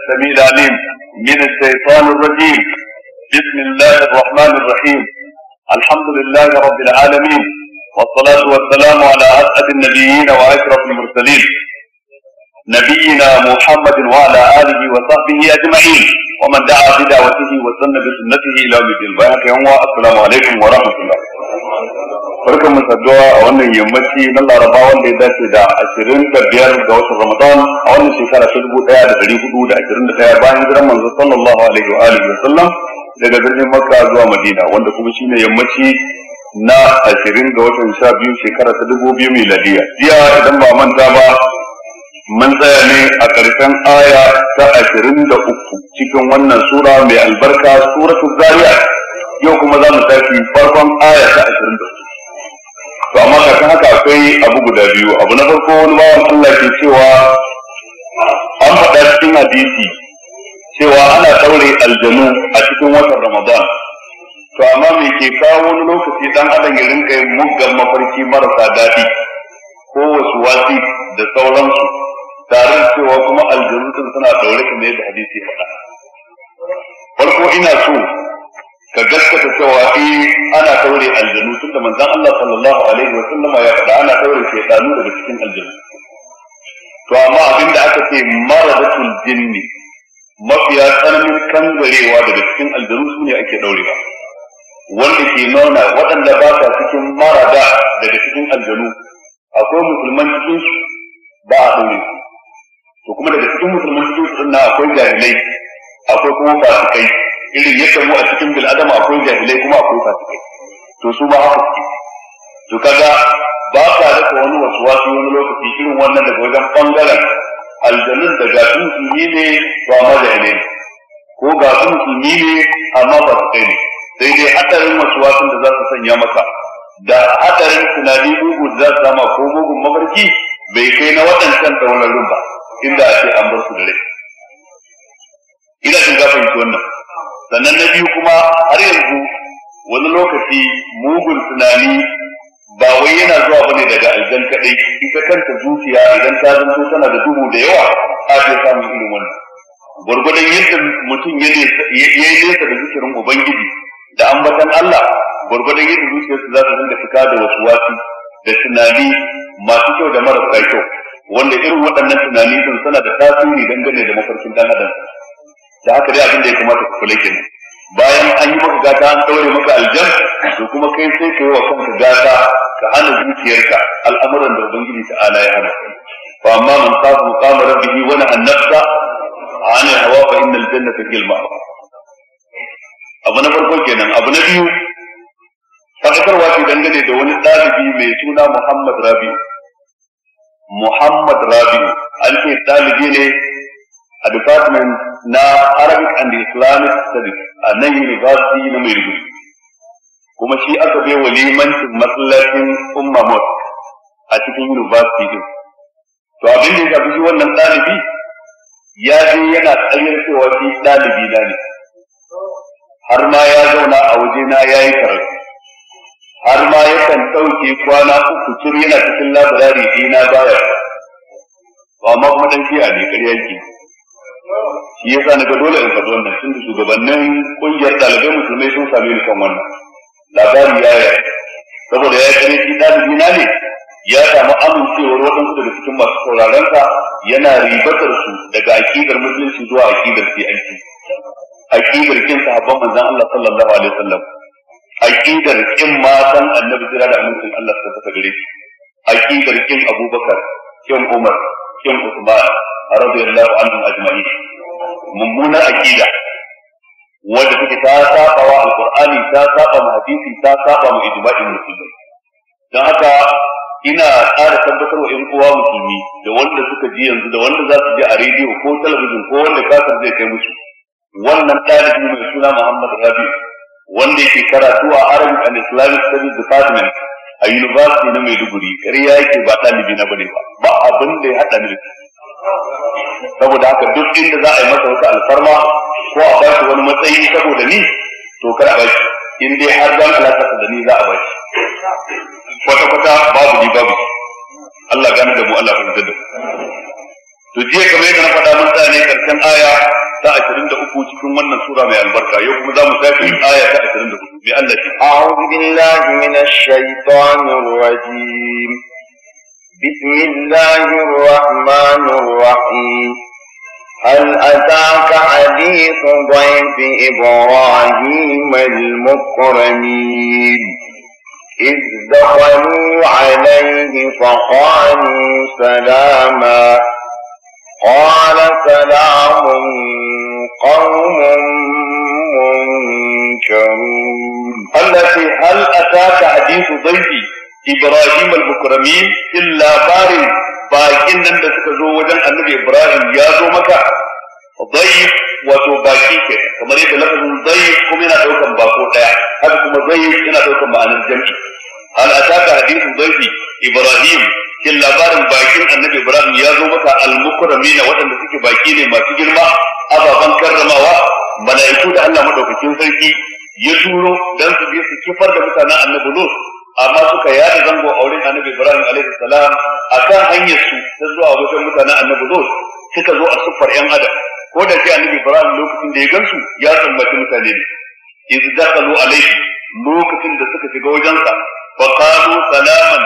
السميع العليم من الشيطان الرجيم بسم الله الرحمن الرحيم الحمد لله رب العالمين والصلاة والسلام على أسعد النبيين وأشرف المرسلين نبينا محمد وعلى آله وصحبه أجمعين ومن دعا بدعوته وسن بسنته الى يوم الدين بارك يوم السلام عليكم ورحمه الله barkan mu saduwa a wannan yammaci na laraba wanda ya dace da ashirin da biyar ga watan ramadan a wannan shekara ta dubu daya da dari hudu da ashirin da daya bayan hijiran manzo sallallahu alaihi wa alihi wa sallam daga birnin makka zuwa madina wanda kuma shine yammaci na ashirin ga watan sha biyu shekara ta dubu biyu miladiya jiya idan ba manta ba mun tsaya ne a ƙarshen aya ta ashirin da uku cikin wannan sura mai albarka suratul zariya yau kuma za mu tafi farkon aya ta ashirin da uku to amma kafin haka akwai abu guda biyu abu na farko wani bawan Allah ke cewa an faɗa cikin hadisi cewa ana ɗaure aljanu a cikin watan ramadan to amma me ke kawo wani lokaci dan adam ya rinka yin muggan mafarki marasa daɗi ko wasu wasi da sauransu tarin cewa kuma aljanu suna daure kamar yadda hadisi ya faɗa farko ina so ka gaskata cewa eh ana taure aljanu tunda manzan Allah sallallahu alaihi wa sallam ya faɗa ana taure shaytanu daga cikin aljanu to amma abin da aka ce maradatul jinni mafiya tsananin kangarewa daga cikin aljanu su ne ake daurewa wanda ke nuna waɗanda ba sa cikin marada daga cikin aljanu akwai musulman cikin su ba a ɗaure su to kuma daga cikin musulmai cikin su na akwai jahilai akwai kuma fasikai irin yadda mu a cikin bil adama akwai jahilai kuma akwai fasikai to su ma haka suke to kaga ba ka rika wani wasu wasu wani lokaci irin wannan daga wajen bangaren aljanun da ga su musulmi ne ba ma jahilai ne ko ga su musulmi ne amma ba su kai ne sai dai hadarin wasu wasu da za su sanya maka da hadarin tunani mugu da za su sama ko mugun mafarki bai kai na waɗancan wani ba inda a ce an bar su da rai ina jin gafin su wannan sannan na biyu kuma har yanzu wani lokaci mugun tunani ba wai yana zuwa bane daga aljan kadai ita kanta zuciya idan ta zanto tana da duhu da yawa a ce samun irin wannan gwargwadon yadda mutum ya yi nesa da zikirin ubangiji da ambatan Allah gwargwadon yadda zuciyarsu za su dinga fita da wasu wasu da tunani masu kyau da marasa kyau wanda irin waɗannan tunani sun sana da tasiri dangane da mafarkin dan adam da haka dai abin da ya kamata ku kula kenan bayan an yi maka gata an daure maka aljan to kuma kai sai ka yi wa kanka gata ka hana zuciyarka al'amuran da ubangiji ala ya hana fa amma man khafa maqama rabbihi wa nahana nafsa an hawa fa innal jannata hiya al-ma'wa abu na farko kenan abu na biyu fadakarwa ce dangane da wani ɗalibi mai suna Muhammad Rabi'u Muhammad Rabi an ce ɗalibi ne a department na Arabic and Islamic Studies a nan University na Maiduguri. Kuma shi aka bai wa limancin masallacin Umma Mosque a cikin University din. To abin da ya fi wannan ɗalibi ya je yana tsayar cewa shi ɗalibi na ne. Har ma ya zauna a wajena ya yi karatu. har ma yakan ɗauke kwana uku tur yana cikin labirari dina baya ba ma kuma dan shi a ne ƙarya ke shi yasa na ga dole in faɗi wannan tunda shugabannin ƙungiyar ɗalibai musulmai sun sami ni kan wannan labari ya yi saboda ya kare shi ɗalibi dina ne ya samu amincewar waɗansu daga cikin masu sauraronsa yana ribatar su daga aƙidar musulunci zuwa aƙidar fi'anci aƙidar kin sahabban zan Allah sallallahu alaihi wasallam aqidar kin matan annabi jira da mutum Allah ta saka gare shi aqidar kin Abubakar kin Umar kin usman radiyallahu anhum ajma'in mummuna aqida wanda take ta saba wa alqur'ani ta saba mu hadisi ta saba mu ijma'in musulmi dan haka ina ƙara tabbatar wa 'yan uwa musulmi da wanda suka ji yanzu da wanda za su ji a rediyo ko talabijin ko wanda kasar zai kai musu wannan ɗalibi mai suna Muhammad Rabi'u wanda yake karatu a Arab and Islamic Studies Department a University na Maiduguri ƙarya yake ba ɗalibi na bane ba ba abin da ya haɗa ni saboda haka duk inda za a yi masa wata alfarma ko a ba shi wani matsayi saboda ni to kar a ba shi in dai har zan alaƙa da ni za a ba shi kwata-kwata babu ni babu Allah gane da mu Allah ya da mu to jiya kamar yadda na faɗa mun tsaya ne karshen aya ta uku cikin wannan sura mai albarka yau kuma za mu tafi aya ta 24 mai Allah ce a'udhu billahi minash shaitanir rajim bismillahir rahmanir rahim هل أتاك حديث ضيف إبراهيم المكرمين إذ دخلوا عليه فقالوا سلاما قال سلام قوم منكرون التي هل أتاك حديث ضيف إبراهيم المكرمين إلا باري باكين لن تتزوجا النبي إبراهيم يا زو مكة ضيف وتو باكيك كما ريب لفظ ضيف كم ينا توكم يعني هل كم ضيف ينا توكم بأن الجمع هل أتاك حديث ضيف إبراهيم shin labarin bakin annabi ibrahim ya zo maka almukramina waɗanda suke baki ne masu girma ababen karramawa mala'iku da Allah madaukakin sarki ya turo dan su bi su kifar da mutanen annabi lut amma suka yada zango a wurin annabi ibrahim alaihi salam kan hanyar su ta zuwa wajen mutanen annabi lut suka zo a siffar yan adam ko da ke annabi ibrahim lokacin da ya gansu ya tsammaci mutane ne idza kalu alaihi lokacin da suka shiga wajensa fa qalu salaman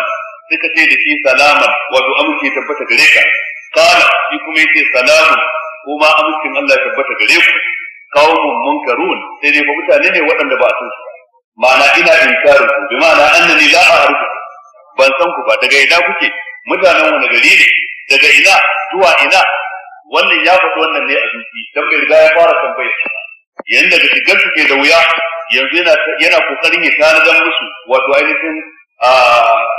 suka ce da shi salaman wato aminci ya tabbata gare ka kala shi kuma yake salamun kuma amincin Allah ya tabbata gare ku qaumun munkarun sai dai ba mutane ne waɗanda ba a san su ma'ana ina inkarin ku bi ma'ana annani la a'rifu ban san ku ba daga ina kuke mutanen wani gari ne daga ina zuwa ina wannan ya faɗi wannan ne a zuci dan bai riga ya fara tambayar yanda da shigar suke da wuya yanzu yana yana kokarin ya tanadar musu wato ainihin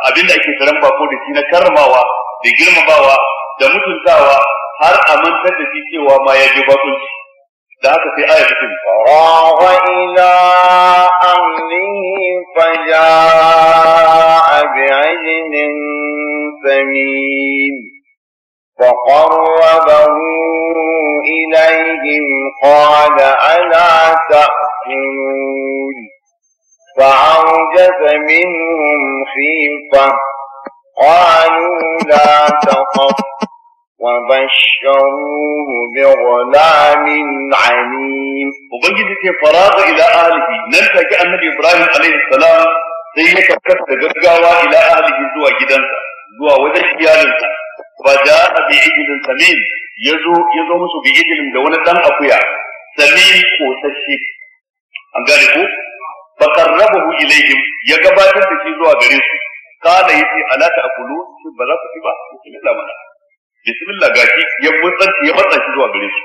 abin da ake karan bako da shi na karmawa da girmamawa da mutuntawa har a mantar da shi cewa ma ya je bakunci da haka sai aya ta tafi wa ila amnihi faja'a bi'ajnin samim فقربه إليهم قال ألا تأكلون فأوجس منهم خيفة قالوا لا تخف وبشروه بغلام عليم وبنجد فراغ إلى أهله نلتقى النبي إبراهيم عليه السلام sai ya karkata gaggawa ila ahlihi zuwa gidansa zuwa wajen iyalinsa fa jaa bi ijlin samin yazo yazo musu bi da wani ɗan akuya samin ko ko fa qarrabahu ilayhim ya gabatar da shi zuwa gare su kana yace ala ta'kulu ba za ku ci ba bismillah mana bismillah gashi ya mutsa ya matsa shi zuwa gare su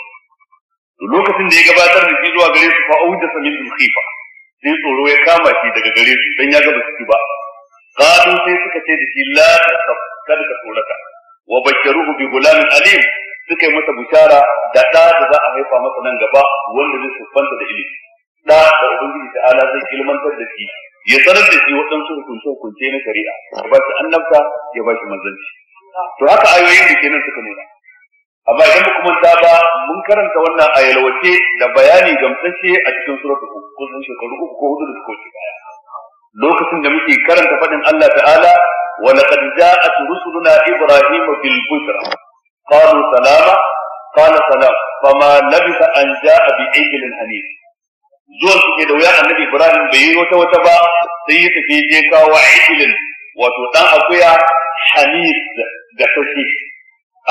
lokacin da ya gabatar da shi zuwa gare su fa auja samin khifa sai tsoro ya kama shi daga gare su dan ya ga ba su ci ba qalu sai suka ce da shi la tasaf kada tsorata wa basharuhu bi gulam alim suka yi masa bushara da da da za a haifa masa nan gaba wanda zai siffanta da ilimi da da ubangiji ta ala zai ilmantar da shi ya sanar da shi waɗansu hukunce hukunce na shari'a ya ba shi annabta ya ba shi manzanci to haka ayoyin da kenan suka nuna amma idan ba kuma ba mun karanta wannan ayalwace da bayani gamsashe a cikin suratul hud kusan shekaru uku ko hudu da suka wuce baya lokacin da muke karanta faɗin Allah ta'ala wa laqad ja'at rusuluna ibrahima bil bushra qalu salama qala salam fama labisa an ja'a bi ijlin hanif zuwan suke da wuya annabi ibrahim bai yi wata wata ba sai yi tafi je kawo aikilin wato dan akuya hanif ga sauki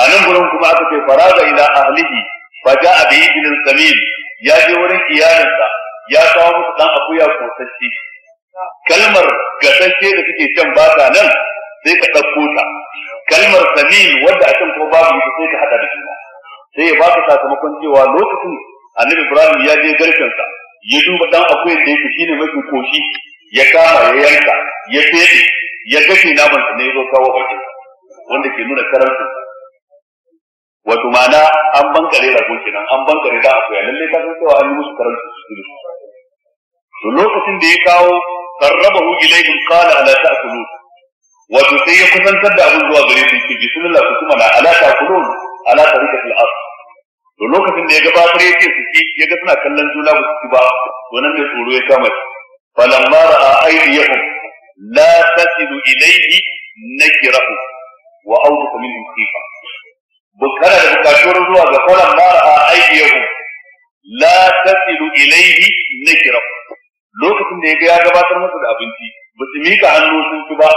a nan gurin kuma aka ce faraga ila ahlihi fa ja'a bi samim ya je wurin iyalinsa ya kawo musu dan akuya kosacce kalmar gasashe da suke can ba ta nan sai ka ɗauko ta kalmar samim wanda a can kuma babu ita sai ka haɗa da juna sai ya ka sakamakon cewa lokacin annabi ibrahim ya je garkensa ya duba dan akwai da yake shine mafi koshi ya kama ya yanka ya fede ya gashi naman sa ne ya zo kawo bakin wanda ke nuna karantu wato ma'ana an bankare rago kenan an bankare da akuya lalle ka san cewa an yi musu karantu su ne to lokacin da ya kawo qarrabahu ilayhim qala ala ta'kulu wato sai ya kusantar da abin zuwa gare su ce, bismillah kuma na ala ta'kulu ala tarikatil asr to lokacin da ya gabatar ya ce su ci ya ga suna kallon juna ba su ci ba to nan ne tsoro ya kama shi falamma ra'a aydiyahum la tasilu ilayhi nakirahu wa awduka minhum khifa bukara da bukatuwar zuwa ga falamma ra'a aydiyahum la tasilu ilayhi nakirahu lokacin da ya ga ya gabatar musu da abinci ba su mika hannu sun ci ba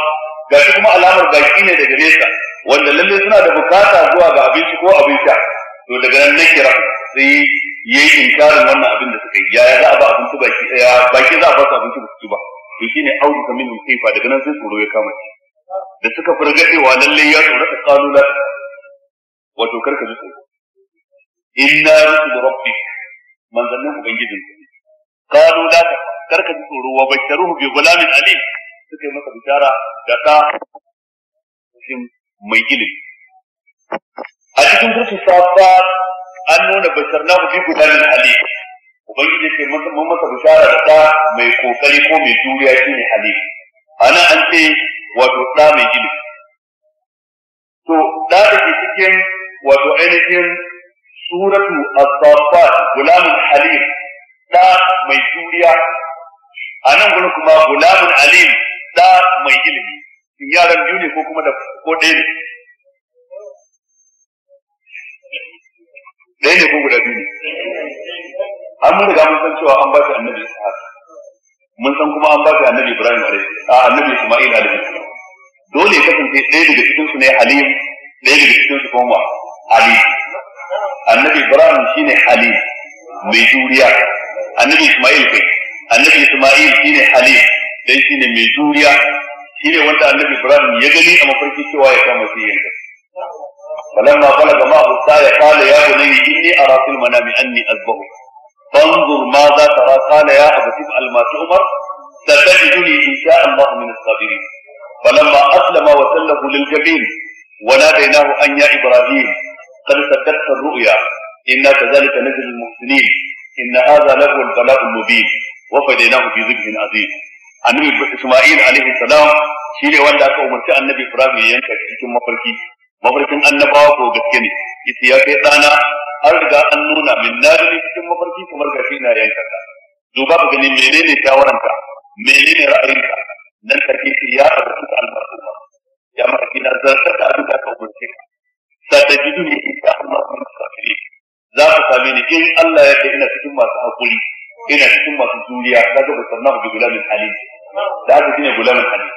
ga kuma alamar baki ne daga nesa wanda lalle suna da bukata zuwa ga abinci ko abin sha to daga nan ne kira sai ya yi inkarin wannan abin da suka yi yaya za a ba abinci baki ya baki za a ba su abinci ba su ba to shine auri ka min kaifa daga nan sai tsoro ya kama shi da suka furga cewa lalle ya tsoro ka kalu la wato karka ji tsoro inna rusul rabbik manzannin ubangijin kalu la karka ji tsoro wa basharuhu bi gulamin alim suka yi masa bishara da ɗa mai ilimi a cikin kusa safa an nuna bashar na hudu guda ne ali ubangiji ce mun masa bishara da ɗa mai kokari ko mai juriya shi ne hali ana an ce wato ɗa mai gini to ɗa da ke cikin wato ainihin suratu as-saffat gulamun halim ɗa mai juriya a nan gudun kuma gulamin alim ɗa mai ilimi in yaran biyu ne ko kuma da ko ɗaya ne Dai ne ko guda biyu an mun riga mun san cewa an ba shi annabi ishaq mun san kuma an ba shi annabi ibrahim alaihi a ah, annabi isma'il alaihi dole ya kasance ɗaya daga cikin su ne halim ɗaya daga cikin su kuma ali annabi ibrahim shine halim mai juriya annabi isma'il kai annabi isma'il shine halim dan shine mai juriya shine wanda annabi ibrahim ya gani a mafarki cewa ya kama shi yanka فلما بلغ معه السعي قال يا بني إني أرى في المنام أني أذبحك فانظر ماذا ترى قال يا أبت افعل ما تؤمر ستجدني إن شاء الله من الصابرين فلما أسلم وسلم للجبين وناديناه أن يا إبراهيم قد صدقت الرؤيا إنا كذلك نجزي المحسنين إن هذا لهو البلاء المبين وفديناه بذبح عظيم النبي اسماعيل عليه السلام شيء ne wanda aka umarci annabi Ibrahim ya yanka mafarkin annabawa ko gaske ne yace ya kai ɗana. an riga an nuna min na gani cikin mafarki kamar gashi na yanka ka duba ka gani menene shawaranka menene ra'ayinka nan ta ke ya abu albarku ba. ya mafarki na zartar da abin da aka umarce ka satajidu ne in sha Allah min safiri za ka same ni in Allah ya kai ina cikin masu hakuri ina cikin masu juriya kaga ba sanna bi gulamin ali da haka gina gulamin ali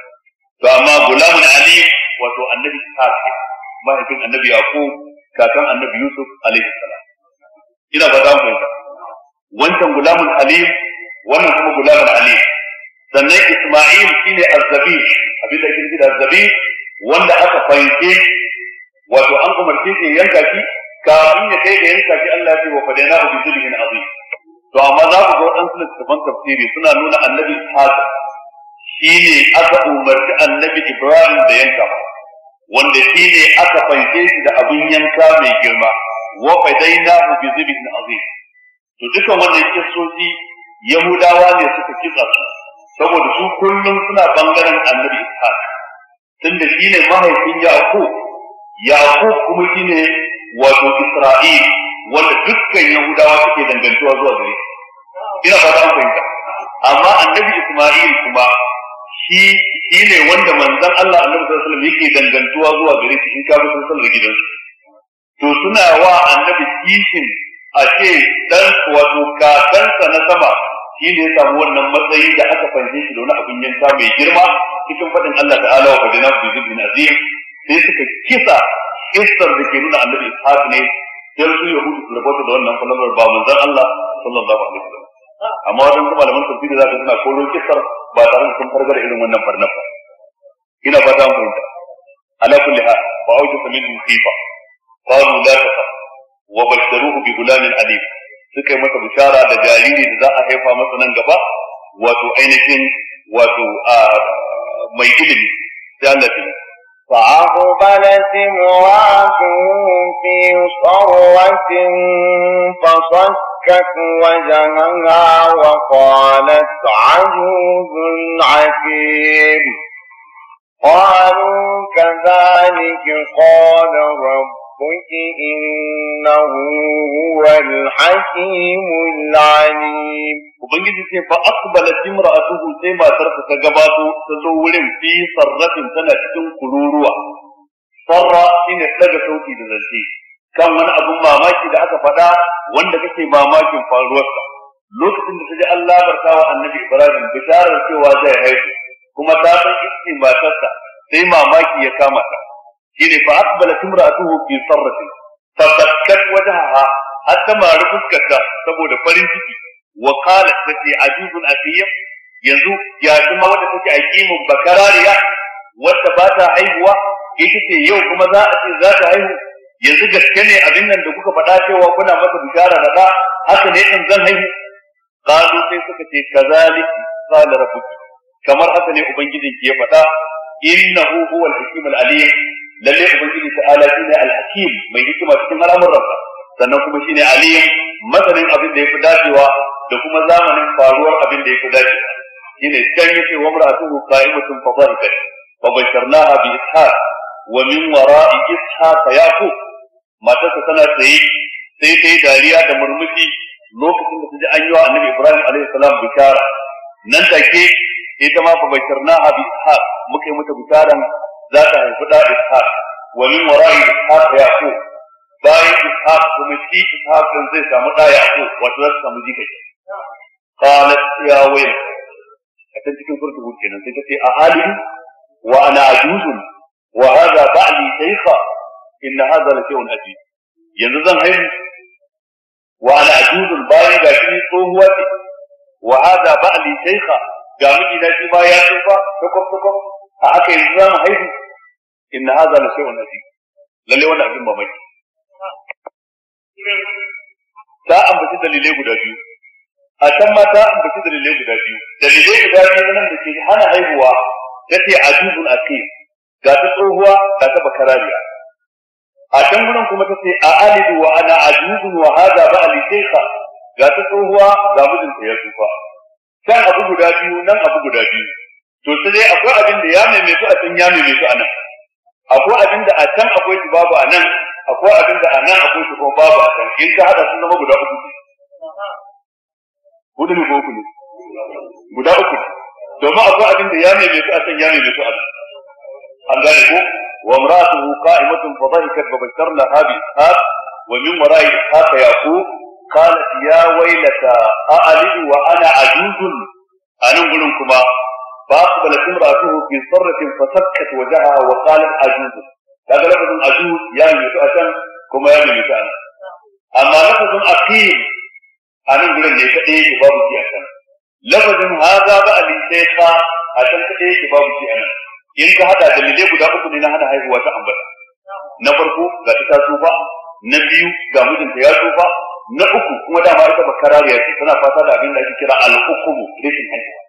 to amma gulamin ali wato annabi ta ce mahaifin annabi yaqub kakan annabi yusuf alaihi salam ina ba za mu wancan gulamun alim wannan kuma gulamun Ali. sannan isma'il shine azzabi abin da nufi da azzabi wanda aka fahimce wato an umarce shi yanka shi kafin ya kai da yanka shi Allah ya ce wa fadaina bi zulmin azim to amma za ku ga waɗansu littattafan tafsiri suna nuna annabi Hassan shi ne aka umarci annabi Ibrahim da yanka ba wanda shi ne aka fanke shi da abin yanka mai girma wa fadaina mu bi na azim to dukan wannan kissoji yahudawa ne suka kitsa su saboda su kullum suna bangaren annabi ishaq tunda shi ne mahaifin yaqub yaqub kuma shi ne wato isra'il wanda dukkan yahudawa suke dangantuwa zuwa gare ina ba ta fahimta amma annabi isma'il kuma shi shi ne wanda manzan Allah annabi sallallahu alaihi wasallam yake dangantuwa zuwa gare shi in ka bi sallar gidansu to suna wa annabi kishin a ce dan wato kakansa na sama shi ne ya samu wannan matsayi da aka fahimci shi da wani abin yanka mai girma cikin faɗin Allah ta'ala wa fadina bi zibin azim sai suka kisa kissar da ke nuna annabi ishaq ne dan su yahudu su rabota da wannan falamar ba manzan Allah sallallahu alaihi wasallam amma wajen kuma malaman tafsiri za ka suna koro kisar ba tare da sun fargar irin wannan farna. ba ina ba ta fahimta ala kulli hal fa auja minhum musifa qalu la takhaf wa ruhu, bi gulamin alim suka yi masa bishara da jariri da za a haifa masa nan gaba wato ainihin wato mai ilimi sai Allah ya فأقبلت امرأته في صرة فصدت فكت وجهها وقالت عجوز عكيم قالوا كذلك قال ربك إنه هو الحكيم العليم Ubangiji ce fa a imra'atuhu sai matarsa ta gabato ta zo wurin fi sarrafin tana cikin kururuwa sarra shine daga sauti da zance kan wani abun mamaki da aka faɗa wanda kake mamakin faruwarsa lokacin da ta ji Allah barka wa annabi Ibrahim bisharar cewa zai haihu kuma ta san iske matarsa sai mamaki ya kama ta shine fa aqbala imra'atuhu fi sarratin tabakkat wajhaha hatta ma rufkata saboda farin ciki wa qalat lati ajibun atiyya yanzu ya kuma wanda take aqimin bakarariya wanda bata haihuwa ita ce yau kuma za a ce za ta haihu yanzu gaske ne abin nan da kuka faɗa cewa kuna masa bishara da da haka ne ɗin zan haihu qalu sai suka ce kazalika qala rabbuki kamar haka ne ki ya faɗa innahu al hakim al alim lalle ubangiji ala shine al hakim mai hikima cikin al'amuran sa sannan kuma shine alim masanin abin da fi dacewa da kuma zamanin faruwar abin da fi dacewa shine can yace wa mar'atuhu qa'imatun fa dhahikat basharnaha bi ishaq wa min wara'i ishaq yaqub matarsa tana tsaye sai ta yi dariya da murmushi lokacin da ta ji an yi wa annabi ibrahim alaihi salam bishara nan take ita ma fa basharna ha bi ishaq muka yi mata bisharan za ta haifi da ishaq wa min wara'i ishaq yaqub bayan ishaq kuma shi ishaq din zai samu da yaqub wato za ta samu jika qalat ya wayl a can cikin surtu hud kenan sai ta ce a halin wa ana ajuzun wa hadha ba'li shaykha inna na la shay'un ajib yanzu zan haihu wa ana ajudun bayan ga shi tsohuwa ce wa hadha ba'li shaykha ga miji na shi ma ya tsufa takwaf takwaf a haka yanzu zan haihu In na la shay'un ajib lalle wannan abin mamaki ta ambaci dalilai guda biyu a can ma ta ambaci dalilai guda biyu dalilai guda biyu nan da ke hana haihuwa ta ce ajuzun aqim ga ta tsohuwa ga ta bakarariya a can gudun kuma ta ce a alidu wa ana ajuzun wa hada ba ali ga ta tsohuwa ga mijinta ya tsufa can abu guda biyu nan abu guda biyu to sai dai akwai abin da ya maimaitu a can ya maimaitu a nan akwai abin da a can akwai shi babu a nan akwai abin da a nan akwai shi kuma babu a can in ka hada sun zama guda uku hudu ne ko uku ne guda uku domin akwai abin da ya maimaitu a can ya maimaitu a nan an gane ko وامرأته قائمة فضحكت هذه بإسحاق ومن وراء إسحاق يعقوب قالت يا ويلتى أألد وأنا عجوز أنقل كما فأقبلت امرأته في صرة فسكت وجهها وقالت عجوز هذا لفظ عجوز يا يعني من يتأتى كما يا يعني من يتأتى أما لفظ أقيم أنقل ليس إيه بابك يا لفظ هذا بقى لي عشان أتنك إيه بابك أنا in ka hada dalilai guda uku ne na hana haihuwa ta ambata na farko ga ta tsufa na biyu ga mijinta ya tsufa na uku kuma dama ita ba karariya ce tana fata da abin da ake kira al-hukumu rashin haihuwa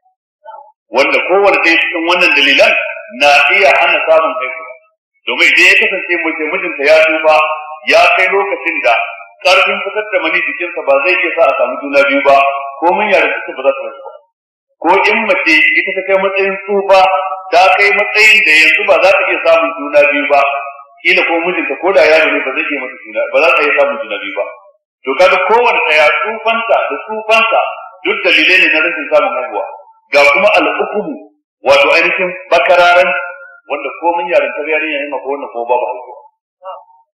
wanda kowane ɗaya cikin wannan dalilan na iya hana samun haihuwa domin idan ya kasance mace mijinta ya tsufa ya kai lokacin da karfin fitar da mani jikinsa ba zai iya sa a samu juna biyu ba ko mun yara ba za ta rasu. ba ko in mace ita ta kai matsayin tsufa ta kai matsayin da yanzu ba za ta iya samun juna biyu ba kila ko mijinta ko da yaro ne ba zai iya samun juna biyu ba to kaga kowanne ɗaya tsufanta da tsufanta duk dalilai ne na rashin samun haihuwa ga kuma al'ukubu wato ainihin bakararan wanda ta yarintar yarinya ma ko wanda ko babu haihuwa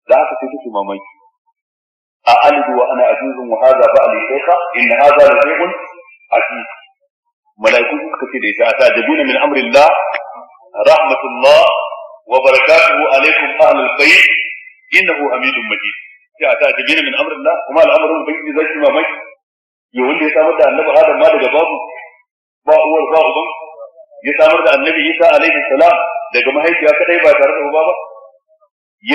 da ka ce take mamaki a alidu wa ana ajuzun wa hadha ba'li shaykha in hadha la shay'un aziz malaiku suka ce da ita atajabuna min amrillah rahmatullah wa barakatuhu alaikum ahlul bayt innahu hamidum majid sai atajabuna min amrillah kuma al'amrul zai zaki mamaki ya wanda ya samar da annabi adam ma daga babu ba uwar ba uban ya samar da annabi isa alaihi salam daga mahaifiya kadai ba tare da uba ba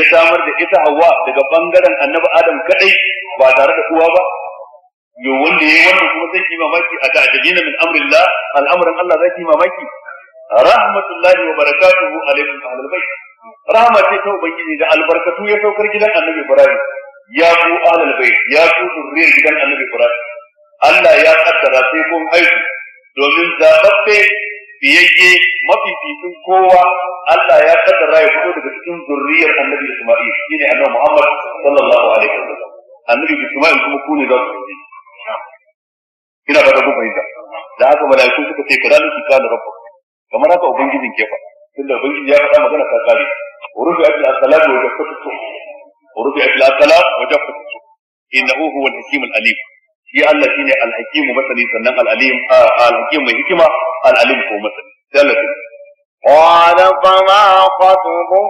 ya samar da ita hawa daga bangaren annabi adam kadai ba tare da uwa ba yo wanda yayi wannan kuma zai yi mamaki a ta'jabina min la, al'amuran Allah zai yi mamaki rahmatullahi wa barakatuhu alaikum ahlul bait rahma ce ta ubangiji da albarkatu ya saukar gidan annabi ibrahim ya ku ahlul bait ya ku zurriyar gidan annabi ibrahim Allah ya kaddara sai kun aiki domin zababbe biyayye mafificin kowa Allah ya kaddara ya fito daga cikin zurriyar annabi Isma'il shine annabi Muhammad sallallahu alaihi wasallam annabi Isma'il kuma ku ne za ku yi ina da rabu bai da haka malaiku suka ce kada liki kana rabbu kamar haka ubangijin ke fa. tunda ubangiji ya faɗa magana ta kare urufi ajil as-salat wa jaffatu urufi a as-salat wa jaffatu innahu huwa al-hakim al-alim shi Allah shine al-hakim masani sannan al-alim al-hakim mai hikima al-alim ko masani sallallahu Allah قال فما خطبكم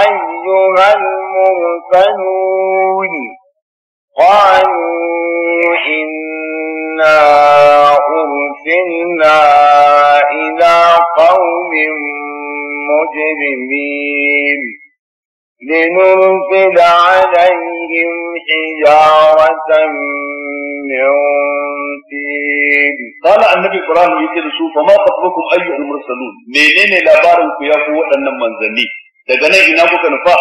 أيها المرسلون قالوا إنا أرسلنا إلى قوم مجرمين لنرسل عليهم حجارة من طين قال النبي قرآن يجد شوف ما خطبكم أيها المرسلون منين لا بارك يا قوة النمنزلين daga nan ina kuka nufa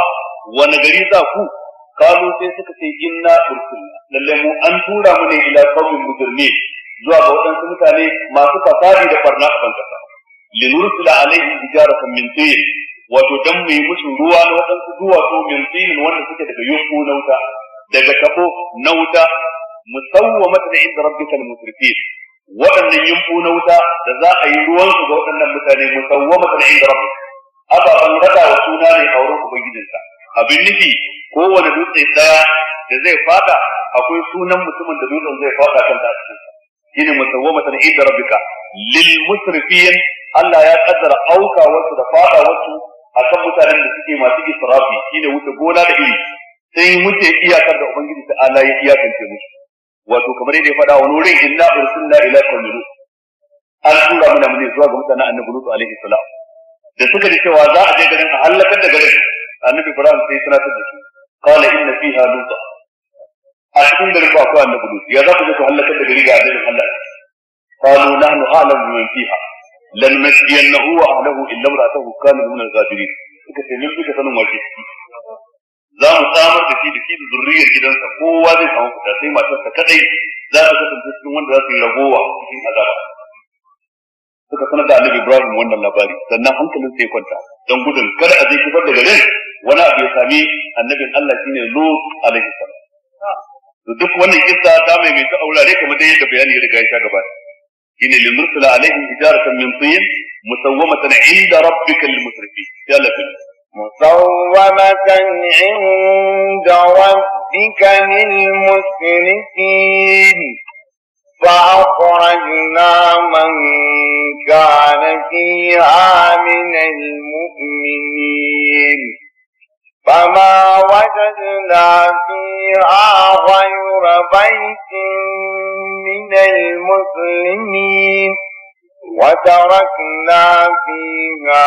wani gari za ku kalu sai suka ce inna ursilna lalle mu an tura mu ne ila qaumin mujrimin zuwa ga waɗansu mutane masu fasadi da farna a bankasa linursila alaihim hijaratan min tin wato dan mu yi musu ruwa na waɗansu duwatsu min tin wanda suke daga yunku na wuta daga tabo na wuta musawwamatan inda rabbikal musrifin waɗannan yunku na wuta da za a yi ruwan ga waɗannan mutane musawwamatan inda rabbik ababan rada wa suna ne a wurin ubangijinsa abin nufi kowane dutse daya da zai fada akwai sunan mutumin da dutsen zai fada kan da cikin shine musawwamatan inda rabbika lil musrifin Allah ya kaddara aukawarsu da fadawarsu akan mutanen da suke masu israfi shine wuce gona da iri sai wuce iyakar da ubangiji ta ala ya iyakance musu wato kamar yadda ya faɗa wani wurin inna ursilna ila qawmin an tura mana mun zuwa ga mutanen annabi lutu alaihi salam da suka ji cewa za a je garin a halakar da garin annabi ibrahim sai tunatar da su qala inna fiha lutan a cikin garin ko akwai annabi lut ya za ku je ku halaka da gari ga addinin Allah qalu nahnu a'lamu biman fiha lan nasiyannahu wa ahlahu illa imra'atahu kanat min al-ghabirin suka ce mun suka sanin wace za mu samar da shi da shi da zurriyar gidansa kowa zai samu fita sai matarsa kadai za ta kasance cikin wanda za su yi ragowa cikin azaba suka sanar da annabi Ibrahim wannan labari sannan hankalin sai kwanta don gudun kada a je kifar da garin wani abu ya sami annabin Allah shine Lut alaihi salam duk wannan kissa ta mai mai ta aurare kamar dai yadda bayani ya riga ya sha gaba shine lil mursala alaihim hijaratan min tin musawwamatan inda rabbikal musrifin ya lafiya مسومة عند ربك للمسرفين فأخرجنا من كان فيها من المؤمنين فما وجدنا فيها غير بيت من المسلمين وتركنا فيها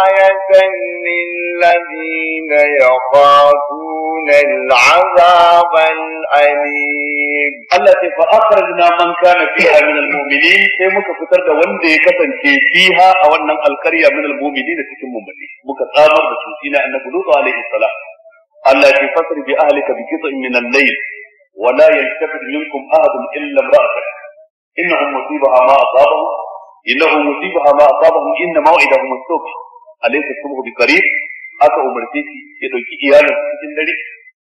آية للذين يخافون العذاب الأليم التي فأخرجنا من كان فيها من المؤمنين سي مكا فتر دا وندي كتن فيها أو أن القرية من المؤمنين تكون مؤمنين مكا تامر بسوسينا أن قلوط عليه الصلاة التي فتر بأهلك بقطع من الليل ولا يلتفت منكم أحد إلا امرأتك إنهم مصيبها ما أصابهم إنه مصيبها ما أصابهم إن موعدهم الصبح أليس الصبح بقريب aka umarce shi ya ɗauki iyalin cikin dare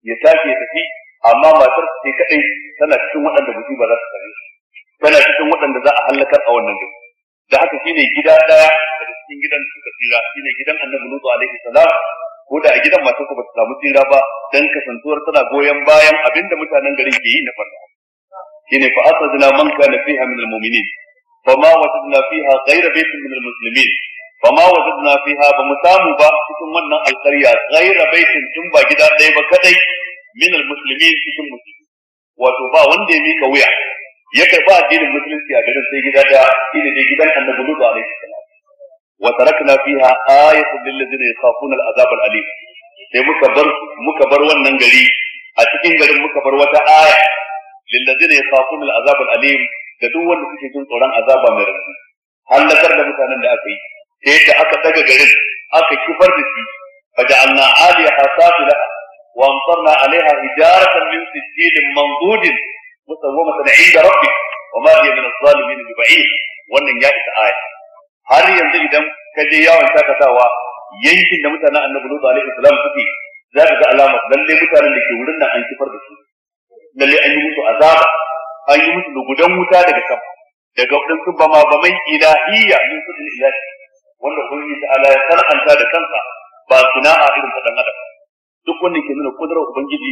ya sake ya tafi amma matar ce kaɗai tana cikin waɗanda musiba za su same shi cikin waɗanda za a halakar a wannan dare da haka shine gida ɗaya daga gidan suka tsira shine gidan ko da a gidan masu ku ba ta samu tsira ba dan kasantuwar tana goyon bayan abinda mutanen garin ke yi na farko shine fa akhrajna man kana fiha min almu'minin fama wajadna fiha ghayra baitin min almuslimin fama wajadna fiha ba mu samu ba cikin wannan alƙarya ghayra baitin tun ba gida ɗaya ba kadai min almuslimin cikin musulmi wato ba wanda ya mika wuya ya karba addinin musulunci a garin sai gida ɗaya. ina dai gidan annabi Lutu alaihi salam wa tarakna fiha ayatan lil ladina yakhafuna al azab al alim sai muka bar muka bar wannan gari a cikin garin muka bar wata aya lillazina yakhafuna al'azab al'alim da duk wanda suke jin tsoron azaba mai rauni halakar da mutanen da aka yi sai da aka daga garin aka kifar da shi faja'alna 'aliyaha safilaha wa amtarna 'alayha hijaratan min sijilin mandudin musawwamatan 'inda rabbi, wa ma hiya min adh-dhalimin biba'id wannan ya isa aya har yanzu idan ka je yawon shakatawa yankin da mutanen annabi Lut alaihi salam suke za ka ga alama lalle mutanen da ke wurin nan an kifar da su lalle an yi musu azaba an yi musu lugudan wuta daga sama daga ma bama mai ilahiyya min sudin ilahi wanda ubangiji ta ala ya karanta da kansa ba a irin faɗan adam duk wanda ke nuna kudurar ubangiji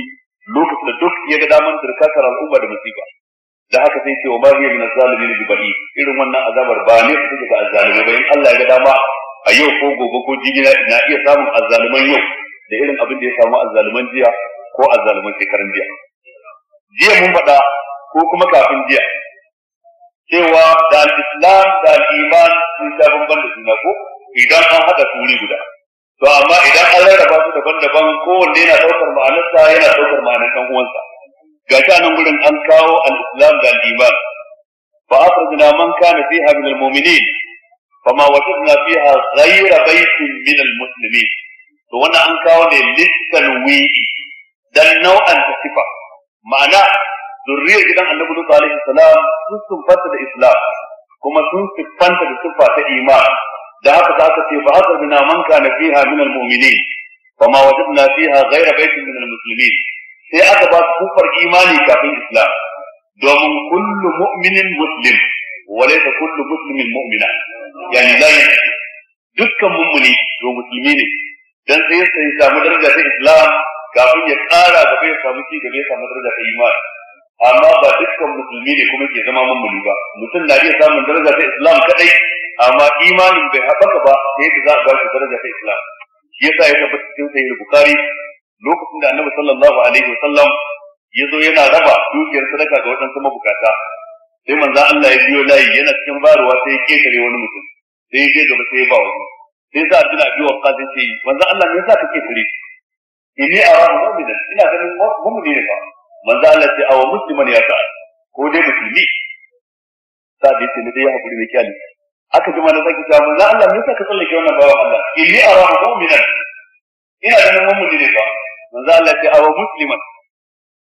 lokacin da duk ya ga daman turkatar al'umma da musiba da haka sai ce wa ba hiya min zalimin bi ba'i irin wannan azabar ba ne su daga azzalimai ba in Allah ya ga dama a yau ko gobe ko jigina na iya samun azzaluman yau da irin abin da ya samu azzaluman jiya ko azzaluman shekaran jiya jiya mun faɗa ko kuma kafin jiya cewa da al'islam da al sun sha bamban da juna ko idan an haɗa su wuri guda to amma idan an rarraba su daban-daban kowanne yana ɗaukar ma'anarsa yana ɗaukar ma'anar ɗan uwansa ga ta nan gurin an kawo al'islam islam da al-iman fa akhrajna man kana fiha min al-mu'minin fama wajadna fiha ghayra baytin min al-muslimin to wannan an kawo ne listan wi'i dan nau'an ta ma'ana zurriyar gidan annabi Nuhu alaihi salam sun siffanta da Islam kuma sun siffanta da siffa ta iman da haka za ka ce fa haka bina man kana fiha min almu'minin fa ma wajadna fiha ghayra baitin min almuslimin sai aka ba su kufar imani kafin Islam domin kullu mu'minin muslim wa laysa kullu muslimin mu'mina yani la dukkan mummuni ko musulmi ne dan sai sai samu daraja ta islam kafin ya tsara gaba ya samu ci gaba ya samu daraja ta imani amma ba dukkan musulmi ne kuma ke zama mummuni ba mutum na iya samun daraja ta islam kadai amma imanin bai haɓaka ba sai yadda za a ba daraja ta islam shi yasa ya tabbata cikin sahih bukari lokacin da annabi sallallahu alaihi wasallam ya zo yana raba dukiyar sadaka ga waɗansu mabukata sai manzo Allah ya biyo layi yana cikin baruwa sai ya ketare wani mutum sai ya je gaba sai ya ba wani sai sa Abdul Abi Waqqas yi. manzo Allah ne yasa kake fure inni arahu mu'minan ina ganin mu'mini ne fa manzo Allah ce awa musliman ya ka ko dai musulmi sa ce ne dai ya hakuri ne kyali aka ji mana zaki cewa manzo Allah ne yasa ka tsallake wannan bawa Allah inni arahu mu'minan ina ganin mu'mini ne fa manzo Allah ce awa musliman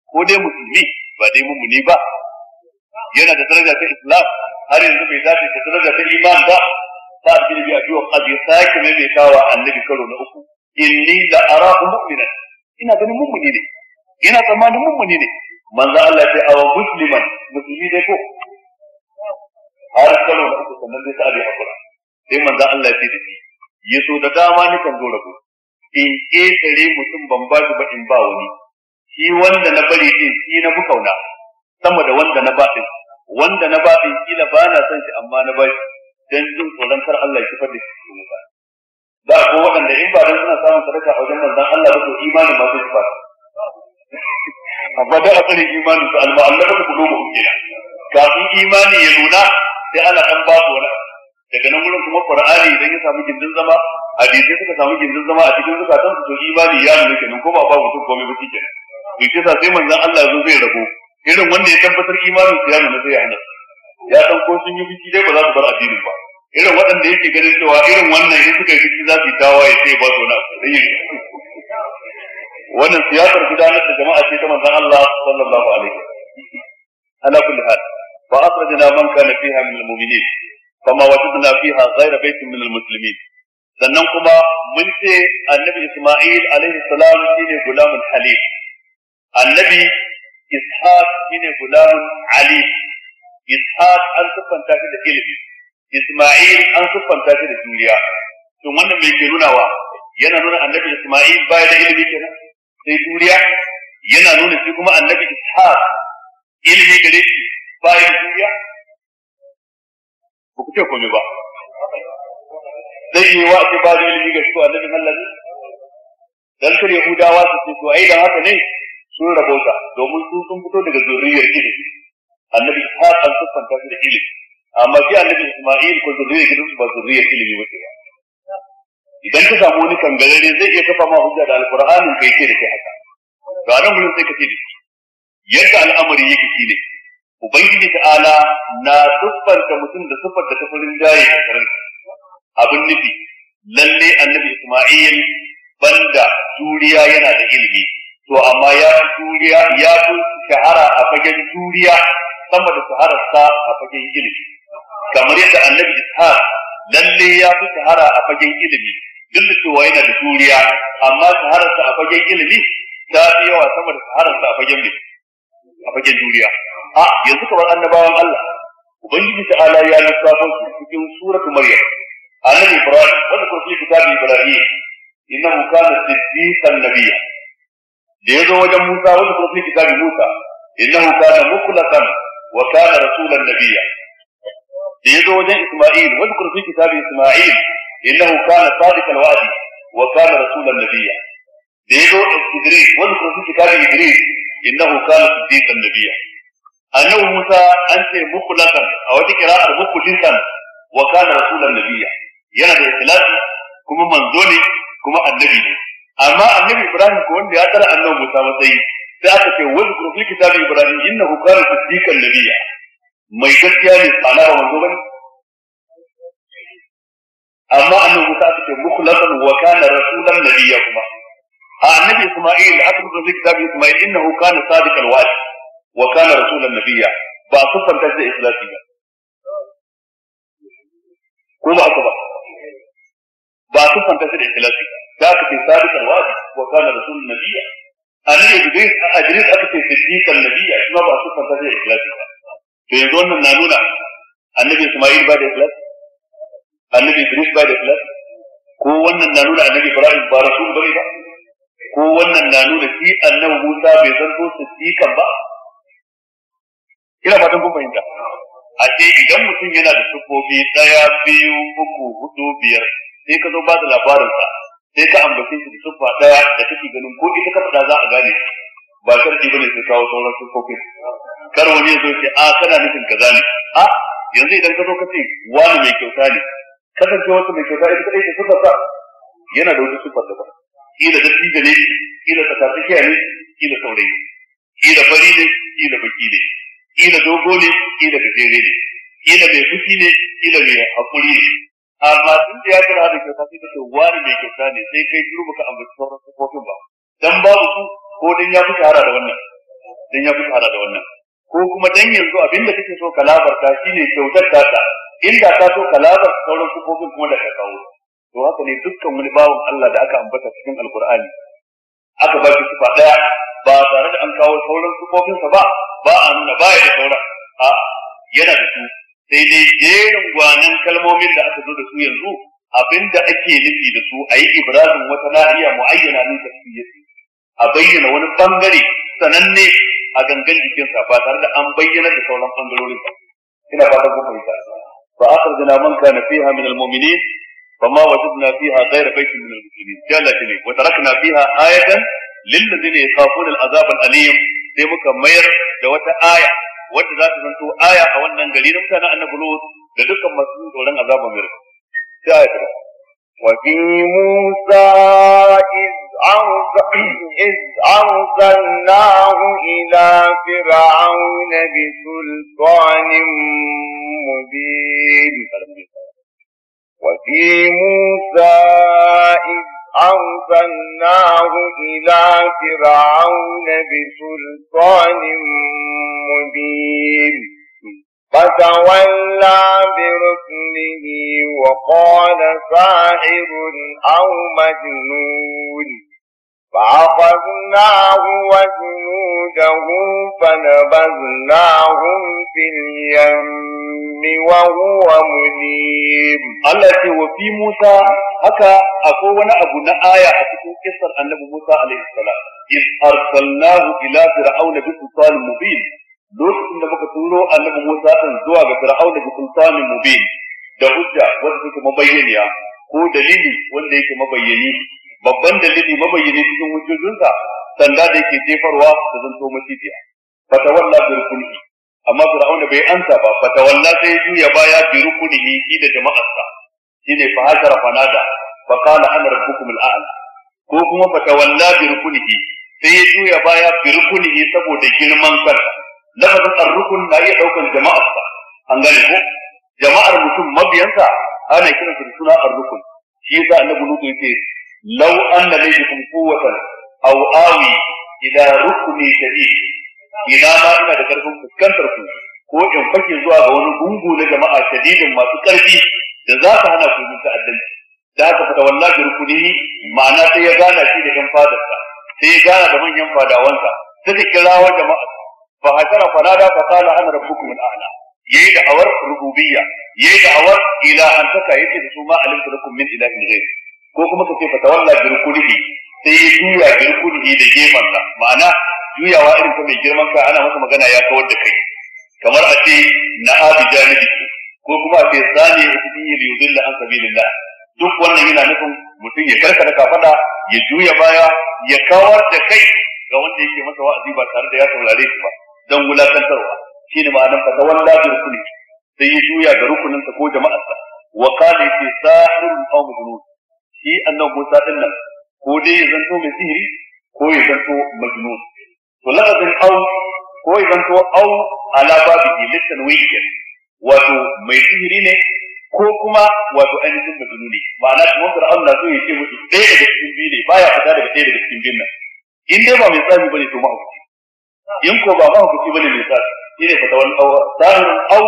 ko dai musulmi ba dai mu'mini ba yana da daraja ta Islam har yanzu bai dace ta daraja ta iman ba sa'ad bin bi abi waqas ya sake maimaitawa annabi karo na uku inni la arahu mu'minan ina ganin mummuni ne ina tsammanin mummuni ne manzo Allah ya ce awa musliman musulmi dai ko har karo na uku sannan zai sa ya hakura sai manzo Allah ya ce da shi yaso da dama ni kan zo rabu in ƙetare mutum ban ba shi ba in ba wani shi wanda na bari din shi na fi kauna sama da wanda na ba din wanda na ba din kila ba na son shi amma na ba shi dan jin tsoron kar Allah ya kifar da shi cikin wuta da ko wanda in ba dan suna samun sadaka a wajen manzon Allah ba to imanin ba sai ba amma da a tsare imanin su alma Allah ka kulo mu kira kafin imani ya nuna sai ana dan ba su wani daga nan gurin kuma Qur'ani idan ya samu gindin zama hadisi suka samu gindin zama a cikin zukatan su to imani ya nuna kenan ko ba ba mutum komai ba kike ne shi yasa sai manzon Allah zo zai rago irin wanda ya tabbatar imanin su ya nuna sai ya hana ya san ko sun yi biki dai ba za su bar addinin ba irin waɗanda yake ganin cewa irin wannan in suka yi rikici za su yi tawaye sai ba su na sai yi wannan siyasar gudanar da jama'a ce ta manzon Allah sallallahu alaihi ala kulli hal fa akhrajna man kana fiha min almu'minin fama wajadna fiha ghayra baitin min almuslimin sannan kuma mun ce annabi Isma'il alaihi salam shine gulamul halim annabi Ishaq shine gulamul ali Ishaq an siffanta shi da ilimi Isma'il an siffanta shi da juriya to wannan mai ke nunawa yana nuna annabi Isma'il baya da ilimi kenan sai juriya yana nuna shi kuma annabi Ishaq ilimi gare shi baya da juriya ba ku ce komai ba zai yi wa ce ba da ilimi ga shi ko annabi mallami dan ya Yahudawa su ce to ai dan haka ne sun rabota domin su sun fito daga zuriyar ilimi annabi Ishaq an siffanta shi da ilimi amma annabi Isma'il ko zuriyar gidan ba ilimi ba ba idan ka samu wani kangarare zai iya kafa ma hujja da alqur'anin kai ce da kai haka to nan gurin sai ka ce yadda al'amari yake shine ubangiji ta'ala na siffanta mutum da siffar da ta farin jaye a karin abin nufi lalle annabi Isma'il banda juriya yana da ilimi to amma ya juriya ya fi shahara a fagen juriya sama da shahararsa a fagen ilimi kamar yadda annabi ishaq lalle ya fi tahara a fagen ilimi duk da cewa yana da juriya amma shahararsa a fagen ilimi ta fi yawa sama da shahararsa a fagen mai a fagen juriya a yanzu kamar annabawan Allah ubangiji ta ala ya lissafo su cikin suratu maryam annabi ibrahim wanda ko fi kitabi ibrahim innahu kana siddiqan nabiyya da ya zo wajen musa wanda ko fi kitabi musa innahu kana mukhlasan wa kana rasulan nabiyya da وجه wajen Isma'il في كتاب إسماعيل إنه Isma'il صادق الوعد وكان رسول النبي kana إدريس واذكر da كتاب إدريس إنه كان صديق النبي أنه موسى أنت مخلصا أو annabi Musa an ce النبي a wata kira'ar mukullikan wa yana da ikhlasi kuma manzo ne kuma annabi ne amma annabi Ibrahim ko wanda ya tara annabi Musa matsayi sai aka ce wani kurfi kitabin Ibrahim innahu kana siddiqan nabiyya mai gaskiya ne tsada ba manzo bane amma annabi Musa aka ce mukhlasan wa kana rasulan nabiyya kuma a annabi Isma'il aka rubuta kitabi Isma'il innahu kana sadiqal wa'd wa kana rasulan nabiyya ba siffanta da ikhlasi ba ko ba haka ba ba siffanta da ikhlasi da aka ce sadiqal wa'd wa kana rasulan nabiyya annabi Idris a Idris aka ce siddiqan nabiyya kuma ba siffanta da ikhlasi ba to yanzu wannan na nuna annabi Isma'il ba da ikhlas annabi Idris ba da ikhlas ko wannan na nuna annabi Ibrahim ba rasul bane ba ko wannan na nuna shi annabi Musa bai san shi kan ba ina fatan kun fahimta a ce idan mutum yana da sufofi ɗaya biyu uku hudu biyar sai ka zo ba da labarinsa sai ka ambace shi da sufa ɗaya da kake ganin ko ita ka faɗa za a gane shi ba sharti bane sai kawo sauran sufofin kar wani zo ce a ah, kana nufin kaza ne a yanzu idan ka zo ka ce wani mai kyauta ne kasance wata mai kyauta ita kadai ta sufa sa yana da wata sufar da ba kila dattijo ne kila tsakatsakiya ne kila saurayi kila fari ne kila baki ne kila dogo ne kila gajere ne kila mai fushi ne kila mai hakuri ne amma tun da ya kira da kyauta sai ka ce wani mai kyauta ne sai kai duru baka ambaci sauran kofin ba dan babu su ko dan ya fi shahara da wannan dan ya fi shahara da wannan ko kuma dan yanzu abinda kake so ka labarta shine kyautar ta, inda ka so ka labarta sauran kufofin kuma da ka kawo to haka ne dukkan wani bawan Allah da aka ambata cikin alkur'ani aka ba shi sifa daya ba tare da an kawo sauran kufofinsa ba ba a nuna ba ya da sauran a yana da su sai dai jerin gwanan kalmomin da aka zo da su yanzu abinda ake nufi da su a yi ibrazin wata nahiya mu'ayyana min tafsiriyati a bayyana wani bangare sananne a gangan jikinsa ba tare da an bayyana da sauran bangarorin ba ina fatan kun fahimta fa akhrajna man kana fiha min almu'minin فما وجدنا فيها غير بيت من المسلمين جل جلاله وتركنا فيها آية للذين يخافون العذاب الأليم sai muka mayar da wata aya wadda za ta zanto aya a wannan gari na mutanen annabi Lut da dukkan masu tsoron azaban gari sai aya ta wa fi Musa iz إذ أرسلناه إلى فرعون بسلطان مبين وفي موسى إذ أرسلناه إلى فرعون بسلطان مبين فتولى بركنه وقال ساحر أو مجنون فأخذناه وجنوده فنبذناهم في اليم وهو مليم التي وفي موسى هكا أكون أبو نآية أتكون كسر النبي موسى عليه السلام إذ أرسلناه إلى فرعون بسلطان مبين lokacin da muka turo annabi Musa din zuwa ga Fir'aun da sultanin mubin da hujja wanda take mabayyaniya ko dalili wanda yake mabayyani babban dalili mabayyane cikin wujudunsa sanda da yake jefarwa ta zanto macijiya fatawalla bi rukunihi amma fir'auna bai ansa ba fatawalla sai juya baya bi rukunihi shi da jama'arsa shine fa hajara fanada fa qala ana rabbukum al'ala ko kuma fatawalla bi rukunihi sai ya juya baya bi rukunihi saboda girman kan. lafazin ar-rukun na iya daukan jama'arsa an gane ko jama'ar mutum mabiyansa ana kiransa da suna ar-rukun shi yasa annabi lutu yake law anna laykum quwwatan aw awi ila rukni shadid ina ma ina da karfin fuskantar ko in fake zuwa ga wani gungu na jama'a shadidin masu ƙarfi da za ka hana ku yin ta'addanci da haka fata wallahi rukuni ma'ana sai ya gana shi da yan fadarsa sai ya gana da manyan fadawansa suka kira wa jama'a fa hasara fanada fa qala ana rabbukum al'ala yayi da awar rububiyya yayi da awar ilahantaka yace da su ma alimtu lakum min ilahin ghayr ko kuma ka ce ka tawalla sai ya juya birkulhi da sa ma'ana juyawa irin ko mai girman ka ana masa magana ya kawar da kai kamar a ce na abi janibi ko kuma a ce sani ibni yudilla an sabilillah duk wannan yana nufin mutum ya karkata kafada ya juya baya ya kawar da kai ga wanda yake masa wa'azi ba tare da ya saurare shi ba don wulakantarwa ne ma'anar ka tawalla birkulhi sai ya juya ga rukuninsa ko jama'arsa wa qala fi irin aw shi annabi Musa din nan ko dai ya zanto mai sihiri ko ya zanto majnun to lafazin au ko ya zanto au ala babi littan wikin wato mai sihiri ne ko kuma wato ainihin majnun ne ma'ana kuma Fir'aun na so ya ce musu ɗaya daga cikin biyu ne baya fita daga ɗaya daga cikin biyun nan in dai ba mai tsami bane to mahaukaci in ko ba mahaukaci bane mai tsafi shine fata wani au zahirin au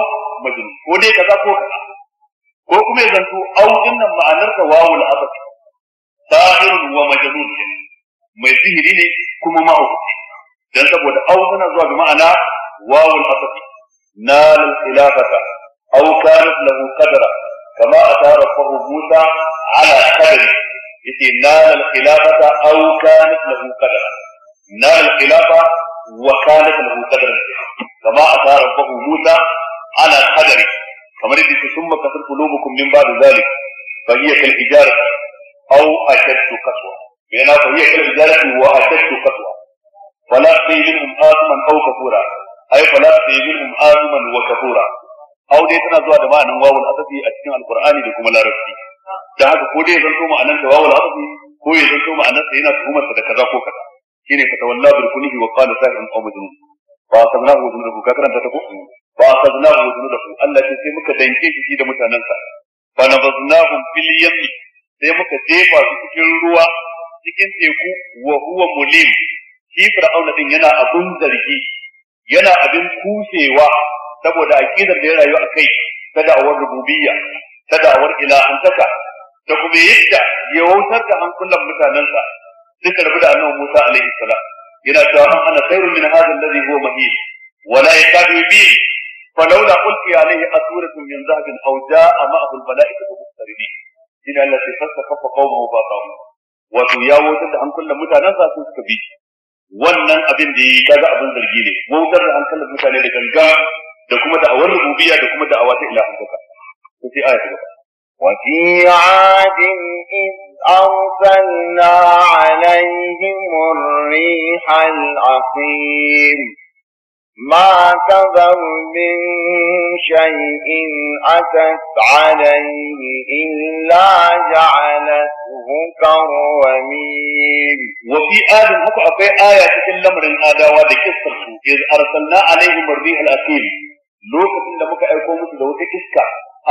majnun ko dai kaza ko kaza ko kuma ya zanto au din nan ma'anar da wawul abad sahirun wa majnun mai sihiri ne kuma mahaukaci dan saboda au tana zuwa da ma'ana wawul abad Na khilafata au kanat lahu qadra kama atara fahu musa ala qadri yace nal khilafata au kanat lahu qadra nal khilafa wa kanat lahu qadra kama atara fahu musa ala qadri kamar yadda yake summa kasar qulubukum min ba'd zalik fa hiya kal a aw ashaddu Me yana fa hiya kal hijarati wa ashaddu qaswa fala tayyibun azman aw kafura ay fala um azman wa kafura aw dai tana zuwa da ma'anan wawul asafi a cikin alqur'ani da kuma larabci da haka ko dai zanto ma'anan da wawul asafi ko ya zanto ma'anan sa yana tuhumar sa da kaza ko kaza shine fatawalla bil kunhi wa qala sahirun aw majnun fa sabnahu wa nuruhu ka karanta ta ko fa akhadnahu junudahu Allah ce sai muka danke shi da mutanansa fa nabaznahum fil yammi sai muka jefa su cikin ruwa cikin teku wa huwa mulim shi din yana abun zargi yana abin kushewa saboda aqidar da ya rayu a kai ta da'awar rububiyya ta da'awar ilahantaka da kuma yadda ya wautar da hankulan mutanensa suka rabu da annabi Musa alaihi salam yana cewa ana khairun min hadha alladhi huwa mahin wala yakadu yubin فلولا ألقي عليه أسورة من ذهب أو جاء معه الملائكة مقترنين إن التي فاستخف قومه فأطاعوه wato ya wutar da hankulan mutanen sa suka bi wannan abin da yi kaga abin zargi ne wutar da hankulan mutane da ganga da kuma da rububiyya da kuma da awata ilahin kaka to sai aya ta gaba وفي عاد إذ أرسلنا عليهم الريح العقيم ما تذر من شيء أتت عليه إلا جعلته كالرميم وفي آدم هكا في آية تكلم عن آدم وهذا إذ أرسلنا عليهم الريح الأقيم لوكتين da muka aiko musu da wata iska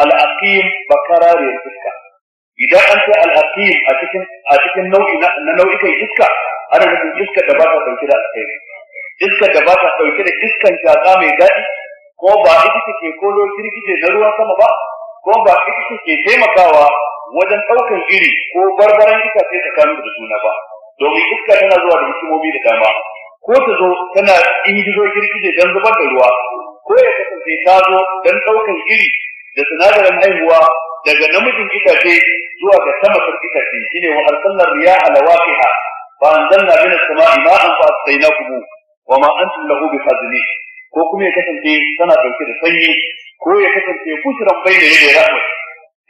al'aqim ba karariyar iska idan an ce al'aqim a cikin nau'i na iska ana iska da ba ta dauke da iskar da ba ta ɗauke da iskan shaƙa mai daɗi ko ba ita ke kolo girgije na ruwan sama ba ko ba ita ke taimakawa wajen ɗaukan iri ko barbaran itace tsakanin da juna ba domin iska tana zuwa da hikimomi da dama ko ta zo tana ingizo girgije don zubar da ruwa ko ya kasance ta zo don ɗaukan iri da sinadarin haihuwa daga namijin itace zuwa ga samakar itace shine wa arsalna riyaha lawaqiha fa anzalna min as-sama'i ma'an fa asqaynakum wa ma antum lahu bihazini ko kuma ya kasance tana dauke da sanyi ko ya kasance kusuran bayyana yadda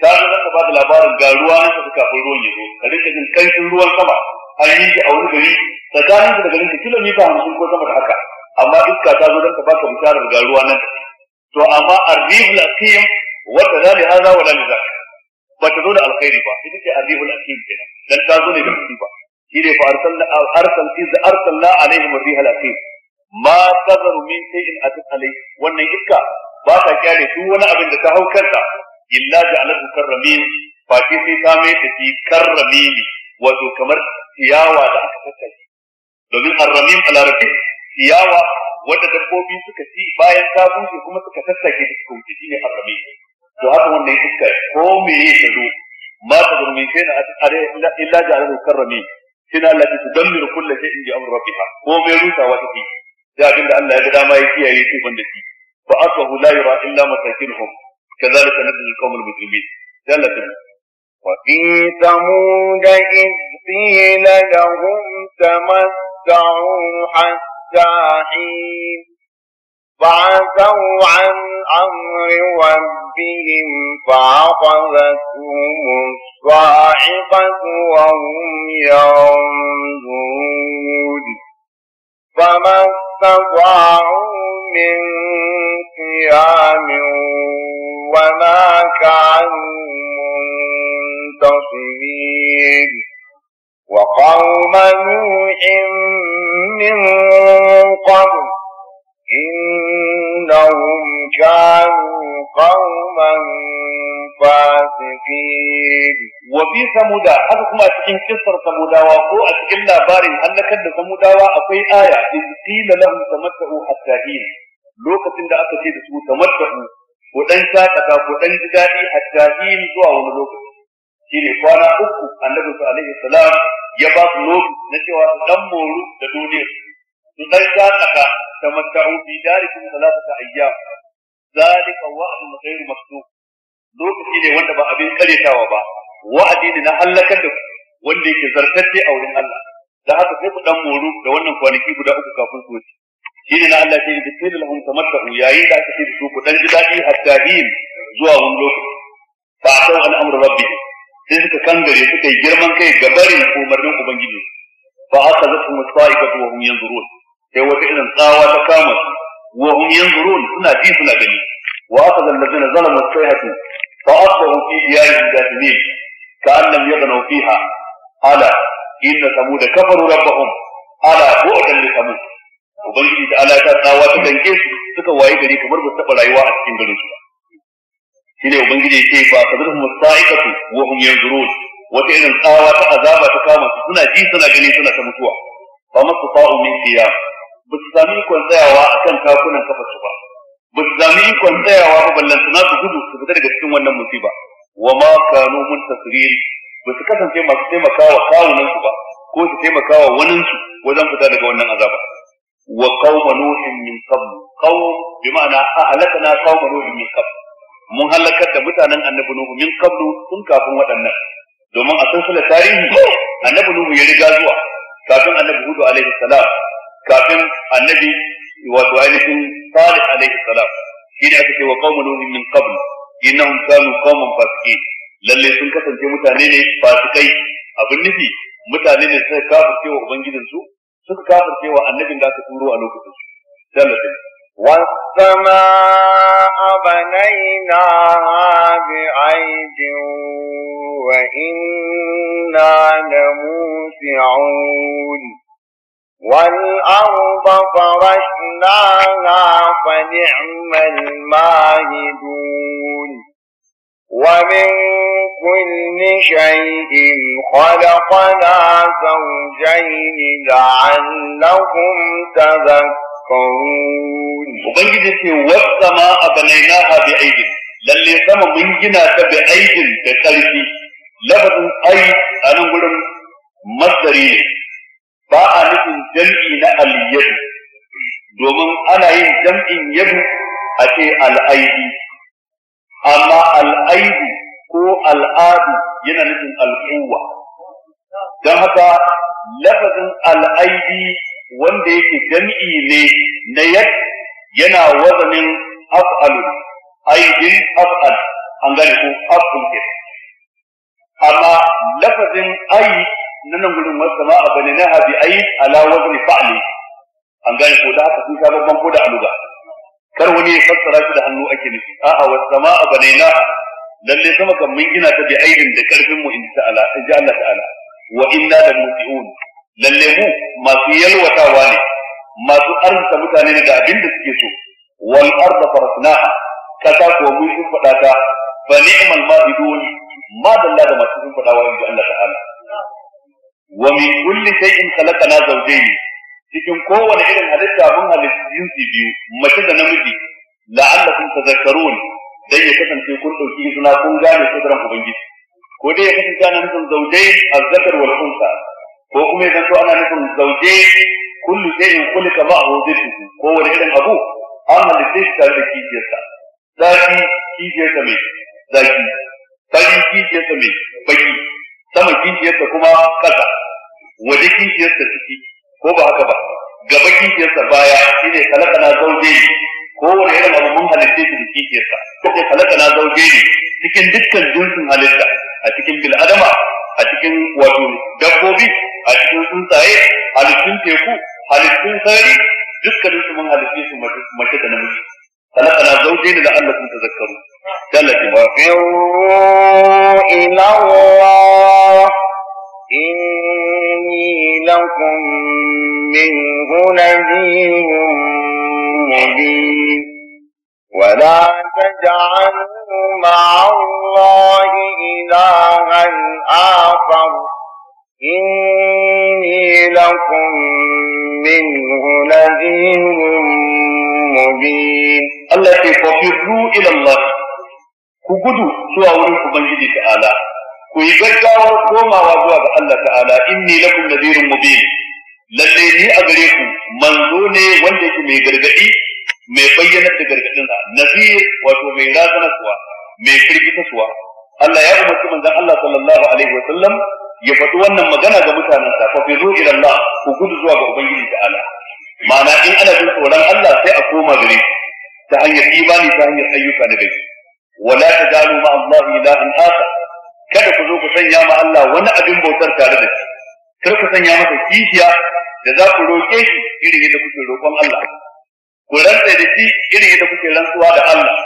ya rahmat ta ga za ka ba da labarin ga ruwa na ka kafin ruwan ya zo ka rinka jin kanshin ruwan sama an yi shi a wani gari tsakanin da garin ka kilomita hamsin ko sama da haka amma iska ta zo don ka baka bisharar ga ruwa nan to amma arribul aqim wa tadali hadha wa la lizak ba ta zo da alkhairi ba ita ce arribul aqim kenan dan ta zo ne da ba shi ne fa arsalna arsalna arsalna alaihim arribul aqim ma tazaru min shay'in atat alai wannan iska ba ta kyale duk wani abin da ta hau kanta illa ja'alahu karramin fa sai sai ta mai ta fi karramimi wato kamar ciyawa da aka tattake domin arramim a larabci ciyawa wanda dabbobi suka ci bayan ta bushe kuma suka tattake ta suka wuce shine arramim to haka wannan iska ko me ya zo ma tazaru sai shay'in atat alai illa ja'alahu karramin sai Allah ya tudammiru kullu shay'in bi amri rabbiha ko mai rusawa take sai abin da Allah ya ga dama ya kiyaye su ban da shi fa asbahu la yura illa masakinuhum kadhalika nadhil qawmul mujrimin dalatan وفي ثمود إذ قيل لهم تمتعوا حتى حين فعتوا عن أمر ربهم فأخذتهم الصاعقة وهم ينظرون فما استطاعوا من قيام وما كانوا منتصرين وقوم نوح من قبل إنهم كانوا قوما فاسقين وفي سمودا هذا كما أتكين كسر سمودا وقوة أتكين لابار هلك سمودا وأقوي آية إذ قيل لهم تمتعوا حتى حين لوكة دا أتكين سمو تمتعوا ودن ساتك ودن جدادي حتى هين زوا ونلوكة shine kwana uku annabi sallallahu alaihi wasallam ya ba su lokaci na cewa dan dan shakata tamatta'u fi darikum salatata ayyam zalika wa'dun ghairu maktub lokaci ne wanda ba abin karetawa ba wa'adi na halakar da ku wanda yake zartacce a wurin Allah da haka sai ku dan moru da wannan kwanaki guda uku kafin su wuce shine na Allah sai da tilal hum tamatta'u yayin da aka ce su ku dan ji dadi hatta zuwa wani lokaci fa atau an amru rabbi sai suka kangare suka yi girman kai ga gabarin umarnin ubangiji fa aka zata musa'ika wa hum yanzurun sai wata irin tsawa ta kama su wa hum yanzurun suna ji suna gani wa akhadha allazina zalamu sayhatu fa asbahu fi diyarihim jathimin ka'annam yaghnu fiha ala inna samuda kafaru rabbahum ala bu'dan li samud ubangiji da ala ta tsawa ta danke su suka waye gari kamar ba taba rayuwa a cikin garin su ba shine ubangiji yake fa kadruhum sa'ikatu wa hum yanzurun wata irin tsawa ta azaba ta kama su suna ji suna gani suna ta mutuwa fa masu fa'u min qiyam ba su sami ikon tsayawa a kan kakunan kafarsu ba ba su sami ikon tsayawa ba ballantana su gudu su fita daga cikin wannan musiba wa ma kanu mun tasirin ba su kasance masu taimakawa kawunansu ba ko su taimakawa waninsu wajen fita daga wannan azaba wa qauma nuhin min qabl qaum bi ma'ana ahlakna qauma nuhin min qabl mun halakar da mutanen annabi nuhu min qablu tun kafin waɗannan domin a silsilar tarihi annabi nuhu ya riga zuwa kafin annabi hudu alaihi salam kafin annabi wato ainihin salih alaihi salam shi ne aka ce wa qaumun nuhin min qabl innahum kanu qauman fasiqin lalle sun kasance mutane ne fasikai abin nufi mutane ne suka kafirce wa ubangijin su suka kafirce wa annabin da aka turo a lokacin su dalilin والسماء بنيناها بعيد وإنا لموسعون والأرض فرشناها فنعم الماهدون ومن كل شيء خلقنا زوجين لعلهم تذكرون وبنجد في والسماء بنيناها بأيد للي سما منجنا بأيد بقلبي لفظ أيد أنا مصدري ba a nufin jam'i na aliyadu domin ana yin jam'in yadu a ce al'aidi amma al'aidi ko al'adu yana nufin al'uwa don haka lafazin al'aidi wanda yake jam'i ne na yad yana wazanin af'alu aibin af'al an gane ko af'ul amma lafazin ayi nan gudun, wasu ma a ne na habi ai ala ne? fa'li an gane ko da haka sun sha babban ko da aluga kar wani ya fassara shi da hannu ake nufi a'a wasu sama a ne na lalle sama kan mun gina ta bi aidin da karfin mu in ji ta'ala, in ji Allah ta'ala wa inna la muti'un lalle mu masu yalwatawa ne masu arzuta mutane ne da abin da suke so wal arda farasnaha kasa ko mun shimfiɗa ta fa ni'mal ma'idun ma dalla da masu shimfiɗawa in ji Allah ta'ala wa min kulli shay'in khalaqna zawjayn cikin kowane irin halitta mun halitta su biyu mace da namiji la'allakum tadhakkarun dai ya kasance kun dauki suna kun gane daren ubangiji ko dai ya kasance ana nufin zawjayn az-zakar wal unsa ko kuma ya zanto ana nufin zawjayn kullu shay'in khulika ba'hu dhikru ko wani irin abu an halitta shi tare da kijiyarsa zaki kijiyarsa mai zaki baki kijiyarsa mai baki sama kishiyarsa kuma ƙasa waje kishiyarsa ciki ko ba haka ba gaba kishiyarsa baya shine na zauje ne wani irin abu mun halitta shi da kishiyarsa kalaka na zauje ne cikin dukkan jinsin halitta a cikin bil'adama a cikin wato dabbobi a cikin tsuntsaye halittun teku halittun sarari dukkanin su mun halitta su mace da namiji خلقنا زوجين لعلكم تذكرون قال وفروا إلى الله إني لكم منه نذير مبين ولا تجعلوا مع الله إلها آخر إني لكم منه نذير مبين Allah مبين الله ففروا إلى الله كجدوا ta'ala. ورنك بنجد تعالى ويبجعوا كما وابوا الله تعالى إني لكم نذير مبين lalle ni a gare ku manzo ne wanda yake mai gargadi mai bayyanar da gargadin sa nazir wato mai razanarwa mai firgitarwa Allah ya umarci manzon Allah sallallahu alaihi wa sallam ya faɗi wannan magana ga mutanen sa fa fi ila Allah ku gudu zuwa ga ubangiji ta'ala ma'ana in ana jin tsoron Allah sai a koma gare ta hanyar imani ta hanyar ayyuka na gari wala tajalu ma Allah an haka kada ku zo ku sanya ma Allah wani abin bautar tare da shi kar ku sanya masa kishiya da za ku roƙe shi irin yadda kuke roƙon Allah ku rantsa da shi irin yadda kuke rantsuwa da Allah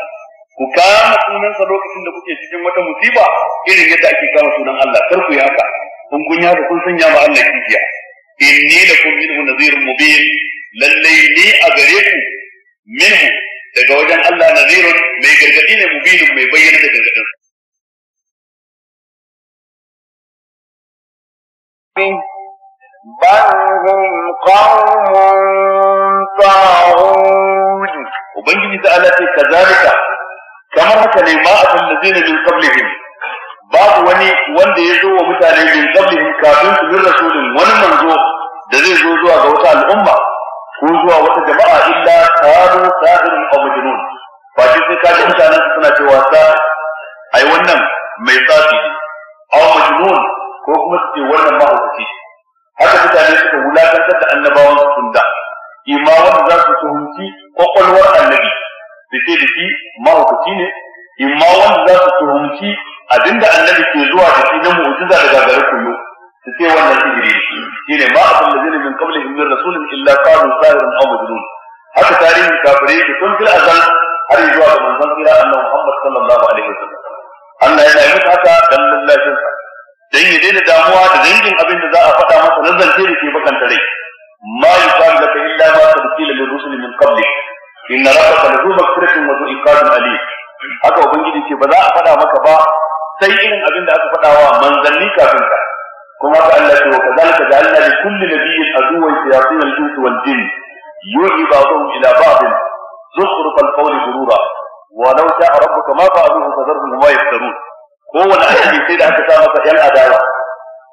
ku kama sunansa lokacin da kuke cikin wata musiba irin yadda ake kama sunan Allah kar ku yi haka kun kun kun sanya ma Allah kishiya inni lakum minhu nadhirun mubin lallai ni a gare ku min daga wajen Allah na nazirun mai gargadi ne mubinin mai bayyana da gargadin Ubangiji ta قوم ta وبنجي تعالى كذلك kamar haka ne ma a tallazina min qablihim babu wani wanda ya zo wa mutane min qablihim kafin su min rasulin wani manzo da zai zo zuwa ga wata al'umma ko zuwa wata jama'a illa qalu sahirun aw majnun ba shi sai kaji mutanen su suna cewa ta ai wannan mai tsafi ne aw majnun ko kuma su ce wannan mahaukaci haka mutane suka wulakantar da annabawan su tunda imma wanda za su tuhumci kwakwalwar annabi da ke da shi mahaukaci ne imma wanda za su tuhumci abinda annabi ke zuwa da shi na mu'jiza daga gare koyo su ce wannan sihiri shi ne ma abin da zai min kabla min rasulin illa qalu sahirun aw majnun haka tarihin kafirai da kun fil azal har zuwa ga manzon kira annabi Muhammad sallallahu alaihi wasallam Allah yana yi haka dan lallashin sa dan ya daina damuwa da dangin abin da za a faɗa masa na zance da ke bakanta rai ma yuqalu laka illa ma qad qila lil rusuli min qablik inna rabbaka lahu maghfiratun wa dhu iqabun haka ubangiji ce ba za a faɗa maka ba sai irin abin da aka faɗa wa manzanni kafin ka kuma ka Allah ce wa kazalika ja'alna li kulli nabiyyin aduwwan shayatin al-insi wal jinn yuhi ba'dhum ila ba'd zukhruf al-qawli ghurura wa law sha'a rabbuka ma fa'aluhu fadharhum ma yaftarun kowane annabi sai da aka sa masa yan adawa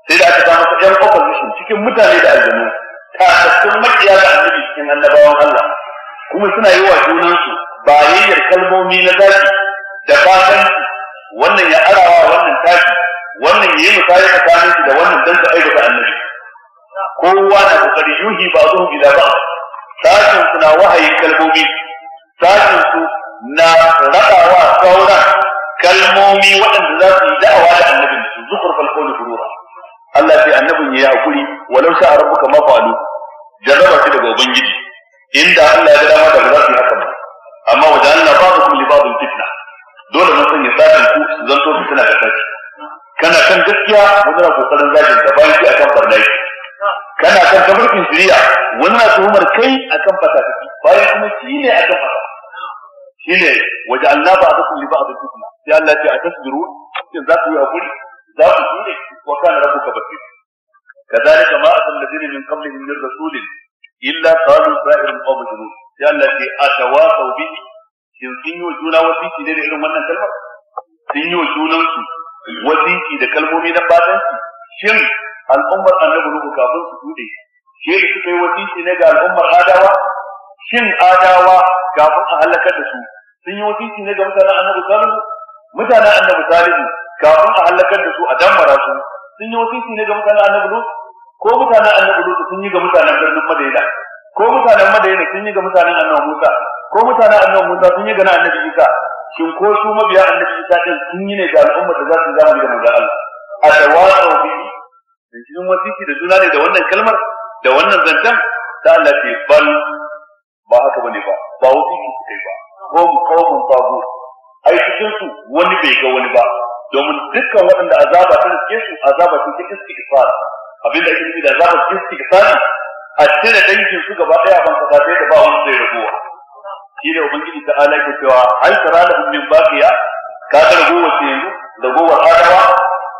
sai da aka sa masa yan opposition cikin mutane da aljanu takattun makiya da annabi cikin annabawan Allah kuma suna yi wa junansu bayayyar kalmomi na zaki da fatan wannan ya arawa wannan taki wannan yayi misali tsakanin da wannan dan su aikata annabi kowa na kokari yuhi ba zuhu gida ba sashin su na wahayin kalmomi sashin su na raɗawa sauran kalmomi waɗanda za su yi da'awa da annabin da su zukur falkon Allah sai annabin ya yi hakuri walau sha rabbuka ma fa'alu jarraba shi daga ubangiji inda Allah ya dama da ba za su yi haka ba amma wajen Allah ba su kuma libabin fitna dole mun sanya sashin su zanto suna da sashi kana kan gaskiya wani na kokarin zagin ka bayan shi akan barnai kana kan kamar shiriya wani na tuhumar kai akan fatakaki bayan kuma shi ne akan fata shi ne waje Allah ba a zaku ba a zaku kuma sai Allah ce a tasbiru shin za ku yi hakuri za ku shi ne wa kana rabu ka bace kazalika ma asal ladina min qablihim min rasulin illa qalu sa'irun aw majnun sai Allah ce a atawasau bihi shin sun yi wa juna wasiki ne da irin wannan kalmar sun yi wa junansu wasiki da kalmomi na batanci shin al'ummar annabi nuhu kafin su tude ke da suka yi wasiki ne ga al'ummar adawa shin adawa kafin a halakar da su sun yi wasiki ne ga mutanen annabi salihu mutanen annabi salihu kafin a halakar da su a dammara su sun yi wasiki ne ga mutanen annabi lut ko mutanen annabi lut sun yi ga mutanen birnin madaina ko mutanen madaina sun yi ga mutanen annabi musa ko a annabi Musa sun yi gana annabi Isa shin ko su mabiya annabi Isa din sun yi ne ga al'umma da za su zama da manzo Allah a tawasau bi dan cikin wasiki da juna ne da wannan kalmar da wannan zantan da Allah ke bal ba haka bane ba ba wasiki kai ba ko mu mun babu ai cikin su wani bai ga wani ba domin dukkan waɗanda azaba ta riske su azaba ce ta istighfar abin da ake nufi da azaba ta istighfar a cire dangin su gaba daya ban kasa da ba wani zai rabuwa shine ubangiji ta alaƙa cewa hal tara lahum min baqiya ka ga ragowar su yanzu da gowar adawa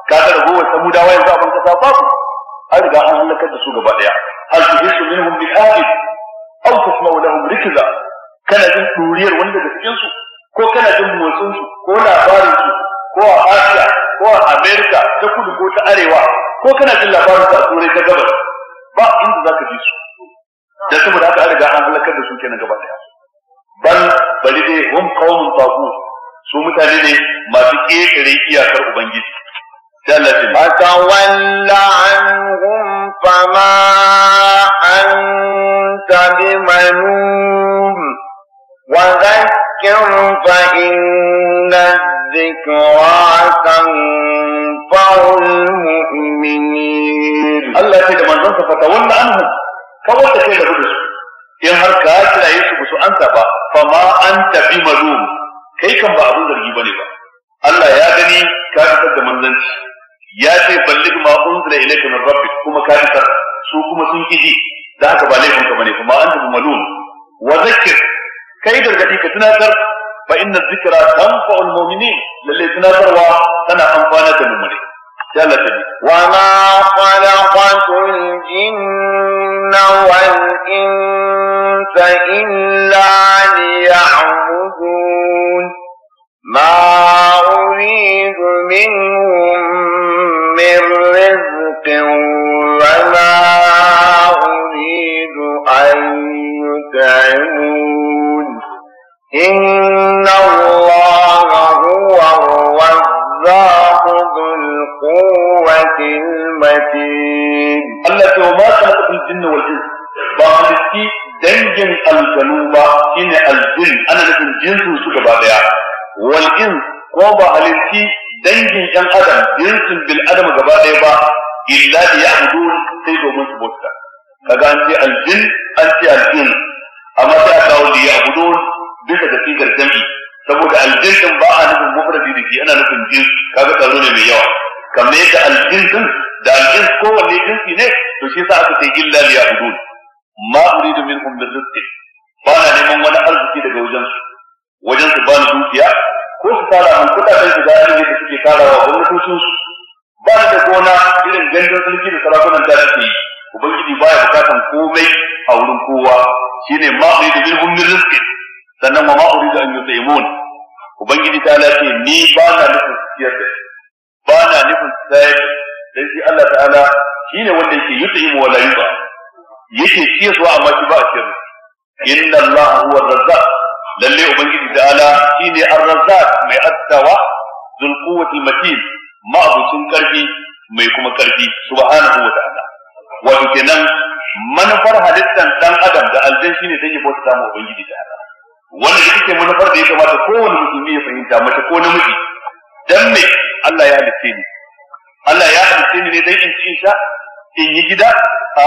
ka ga ragowar samudawa yanzu abin kasa ku. an riga an halakar da su gaba daya hal tuhissu minhum bi ahad aw tasma'u lahum rikza kana jin duriyar wanda da cikin su ko kana jin motsin su ko labarin su ko a Asiya ko a Amerika ta kudu ko ta arewa ko kana jin labarin su a turai ta gabas ba inda zaka ji su da saboda haka an riga an halakar da su kenan gaba daya bal bari dai hum qaumun tagu su mutane ne masu kekare iyakar ubangiji sallallahu alaihi wasallam anhum fama anta bimanum wa dhakkir fa inna dhikra tanfa'ul mu'minin Allah ya ce da manzon sa fa tawalla anhum kawai ta kai da hudu in har ka kiraye su ba su ansa ba fa ma an tafi malum kai kan ba abun zargi bane ba Allah ya gani ka fitar da manzanci ya ce ballig ma unzila ilayka min rabbik kuma ka fitar su kuma sun kiji da haka ba laifin ka bane kuma anta bi malum wa zakkir kai gargadi ka tunatar fa inna dhikra tanfa'ul mu'minin lalle tunatarwa tana amfana da mu'mini sai Allah ta wa فإلا ليعبدون ما أريد منهم من رزق وما أريد أن يتعبون إن الله هو الرزاق ذو القوة المتين التي ما خلقت الجن والإنس alkanu ba shine aljin ana nufin jinsin su gaba daya wal in ko ba halitti dangin yan adam jinsin bil adam gaba daya ba illa da ya sai domin su bauta kaga an ce aljin an ce aljin amma sai a kawo da ya bisa da sigar saboda aljin ba a nufin mufradi da shi ana nufin jinsi kaga tsaro ne mai yawa kamar yadda aljin din da aljin kowanne jinsi ne to shi sa aka ce illa da ya ma uridu minhum min ba na neman wani arziki daga wajen su wajen su ba ni dukiya ko su fara mun kudaden su da ne da suke tarawa gwamnatocin su ba ni da gona irin gangan sulki da sarakunan da suke yi ubangiji baya bukatan komai a wurin kowa shine ma uridu minhum min rizqin sannan ma uridu an yutaimun ubangiji ta lafi ni ba na nufin siyar da ba na nufin sai da shi Allah ta'ala shine wanda yake yutaimu wala yuba yake ciyarwa amma shi ba a ciyarwa inna Allahu! huwa razzaq lalle ubangiji da ala shine ar-razzaq mai addawa zul quwwati matin ma'abucin karfi mai kuma karfi subhanahu wa ta'ala wato kenan manufar halittar dan adam da aljan shine take bota samu ubangiji da ala wanda yake manufar da ya kamata kowane mutumi ya fahimta mace ko namiji dan me Allah ya halice ni Allah ya halitte ni ne dan in ci in sha in yi gida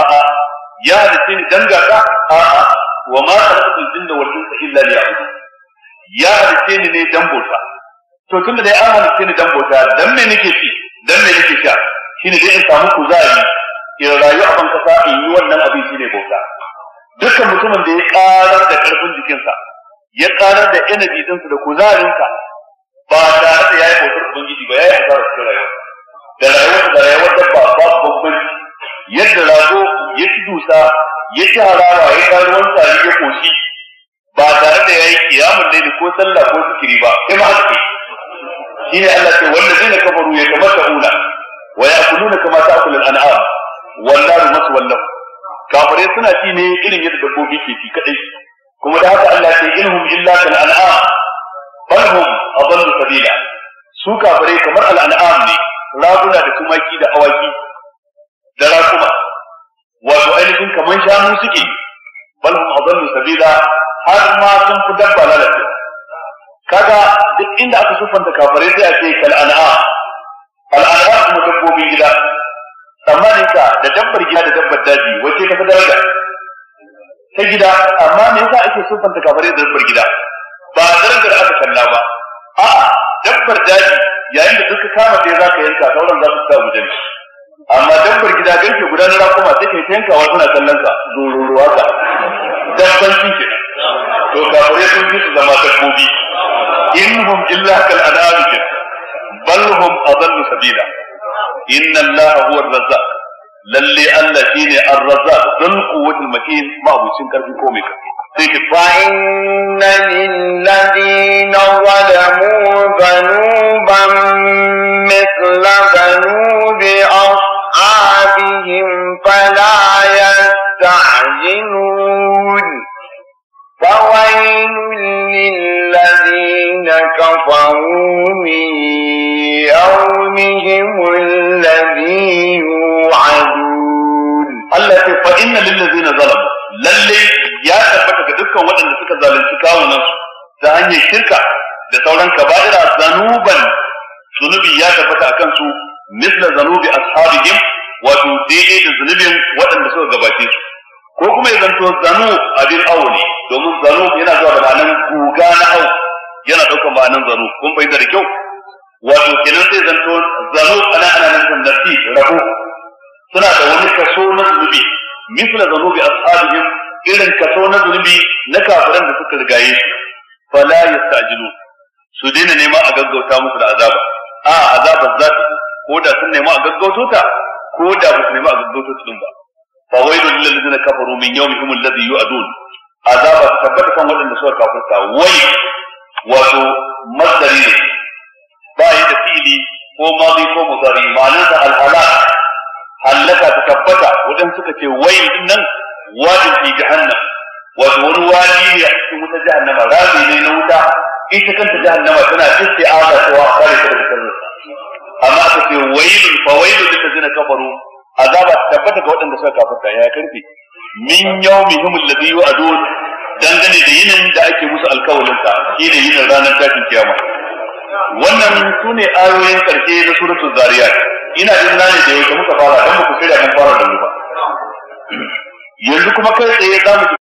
a'a ya halitta ni dan gasa a'a wa ma khalaqtul jinna wal insa illa liya'budun ya halitta ni ne dan bauta to tunda dai an halitta ni dan bauta dan me nake ci dan me nake sha shine dai in samu kuzari in rayu a ban kasa in yi wannan abin shine bauta dukkan mutumin da ya karar da karfin jikinsa ya karar da energy dinsa da kuzarinsa ba tare da yi bautar ubangiji ba yayi asarar cikin rayuwa da rayuwar da rayuwar dabba babu bambanci yadda rago ya ci dusa ya ci harawa ya ga ruwan tsari ya koshi ba tare da ya yi kiyamun laili ko sallah ko zikiri ba kai ma haske shi ne Allah ce wanda zai kafaru ya ta una wa ya na kama ta'kulul an'am da masu lahum kafirai suna ci ne irin yadda dabbobi ke ci kadai kuma da haka Allah ce inhum illa kal an'am bal hum adallu sabila su kafirai kamar al an'am ne raguna da tumaki da awaki da rakuma wato ainihin kamar shanu suke bal hum adallu sabila har ma sun fi dabba lalace kaga duk inda aka sufanta kafare sai a ce kal an'a al an'a kuma dabbobin gida tsammanin ka da dabbar gida da dabbar daji wace ka fi daraja ta gida amma me yasa ake sufanta kafare da dabbar gida ba darajar aka kalla ba a'a dabbar daji yayin da duka kama sai za ka yanka sauran za su sa wujen amma dabbar gida garke guda na rakuma sai kai wa suna kallon ka zururuwa ka dabban shi ke to kafare sun fi su zama dabbobi innahum illa kal anam ke bal hum adallu sabila inna allaha huwa ar-razzaq lalle Allah shine ar-razzaq dul quwwatul matin ma abucin karfi ko mai karfi فإن للذين ظلموا ذنوبا مثل ذنوب أرض لا يستعجلون فويل للذين كفروا من يومهم الذي يوعدون الله فإن للذين ظلموا للي يا تبتك دكا وإن تكا ظالم تكا ونفس تهني شركة لتولن كبائر ذنوبا ذنوب يا تبتك أكنسو مثل ذنوب أصحابهم wato daidai da zunubin waɗanda suka gabace su ko kuma ya zanto zanu abin awo ne domin zanu yana zuwa da ma'anar guga na awo yana ɗaukar ma'anan zanu kun bai da kyau wato kenan sai zanto zanu ana ana nan da nafi rabo suna da wani kaso na zunubi misla zanubi ashabihim irin kaso na zunubi na kafiran da suka rigaye su fala yastajilu su daina nema a gaggauta musu da azaba a azabar za ta ko da sun nema a gaggauto ko da ba su nemi a gaggauta su din ba fa wailul lil ladina kafaru min yawmihim alladhi yu'adun azaba tabbata kan waɗanda suka kafirta wai wato masdari ne ba yi da fili ko madi ko mudari ma'anarsa alhalak hallaka ta tabbata waɗanda suka ce wai din nan wajin fi jahannam wato wani wadi ne a cikin wuta jahannama rami ne na wuta ita kanta jahannama tana isti'aza cewa kare ta daga sharrinsa amma aka ce wailun fa wailun lil ladina kafaru azaba tabbata ga waɗanda suka kafirta ya karfi min yawmihim alladhi yu'adun dangane da yinin da ake musu alkawalin ta shine yinin ranar tashin kiyama wannan sune ayoyin karshe na suratul zariyat ina jin nani da yau muka fara dan muku shirya mun fara da ba yanzu kuma kai tsaye za mu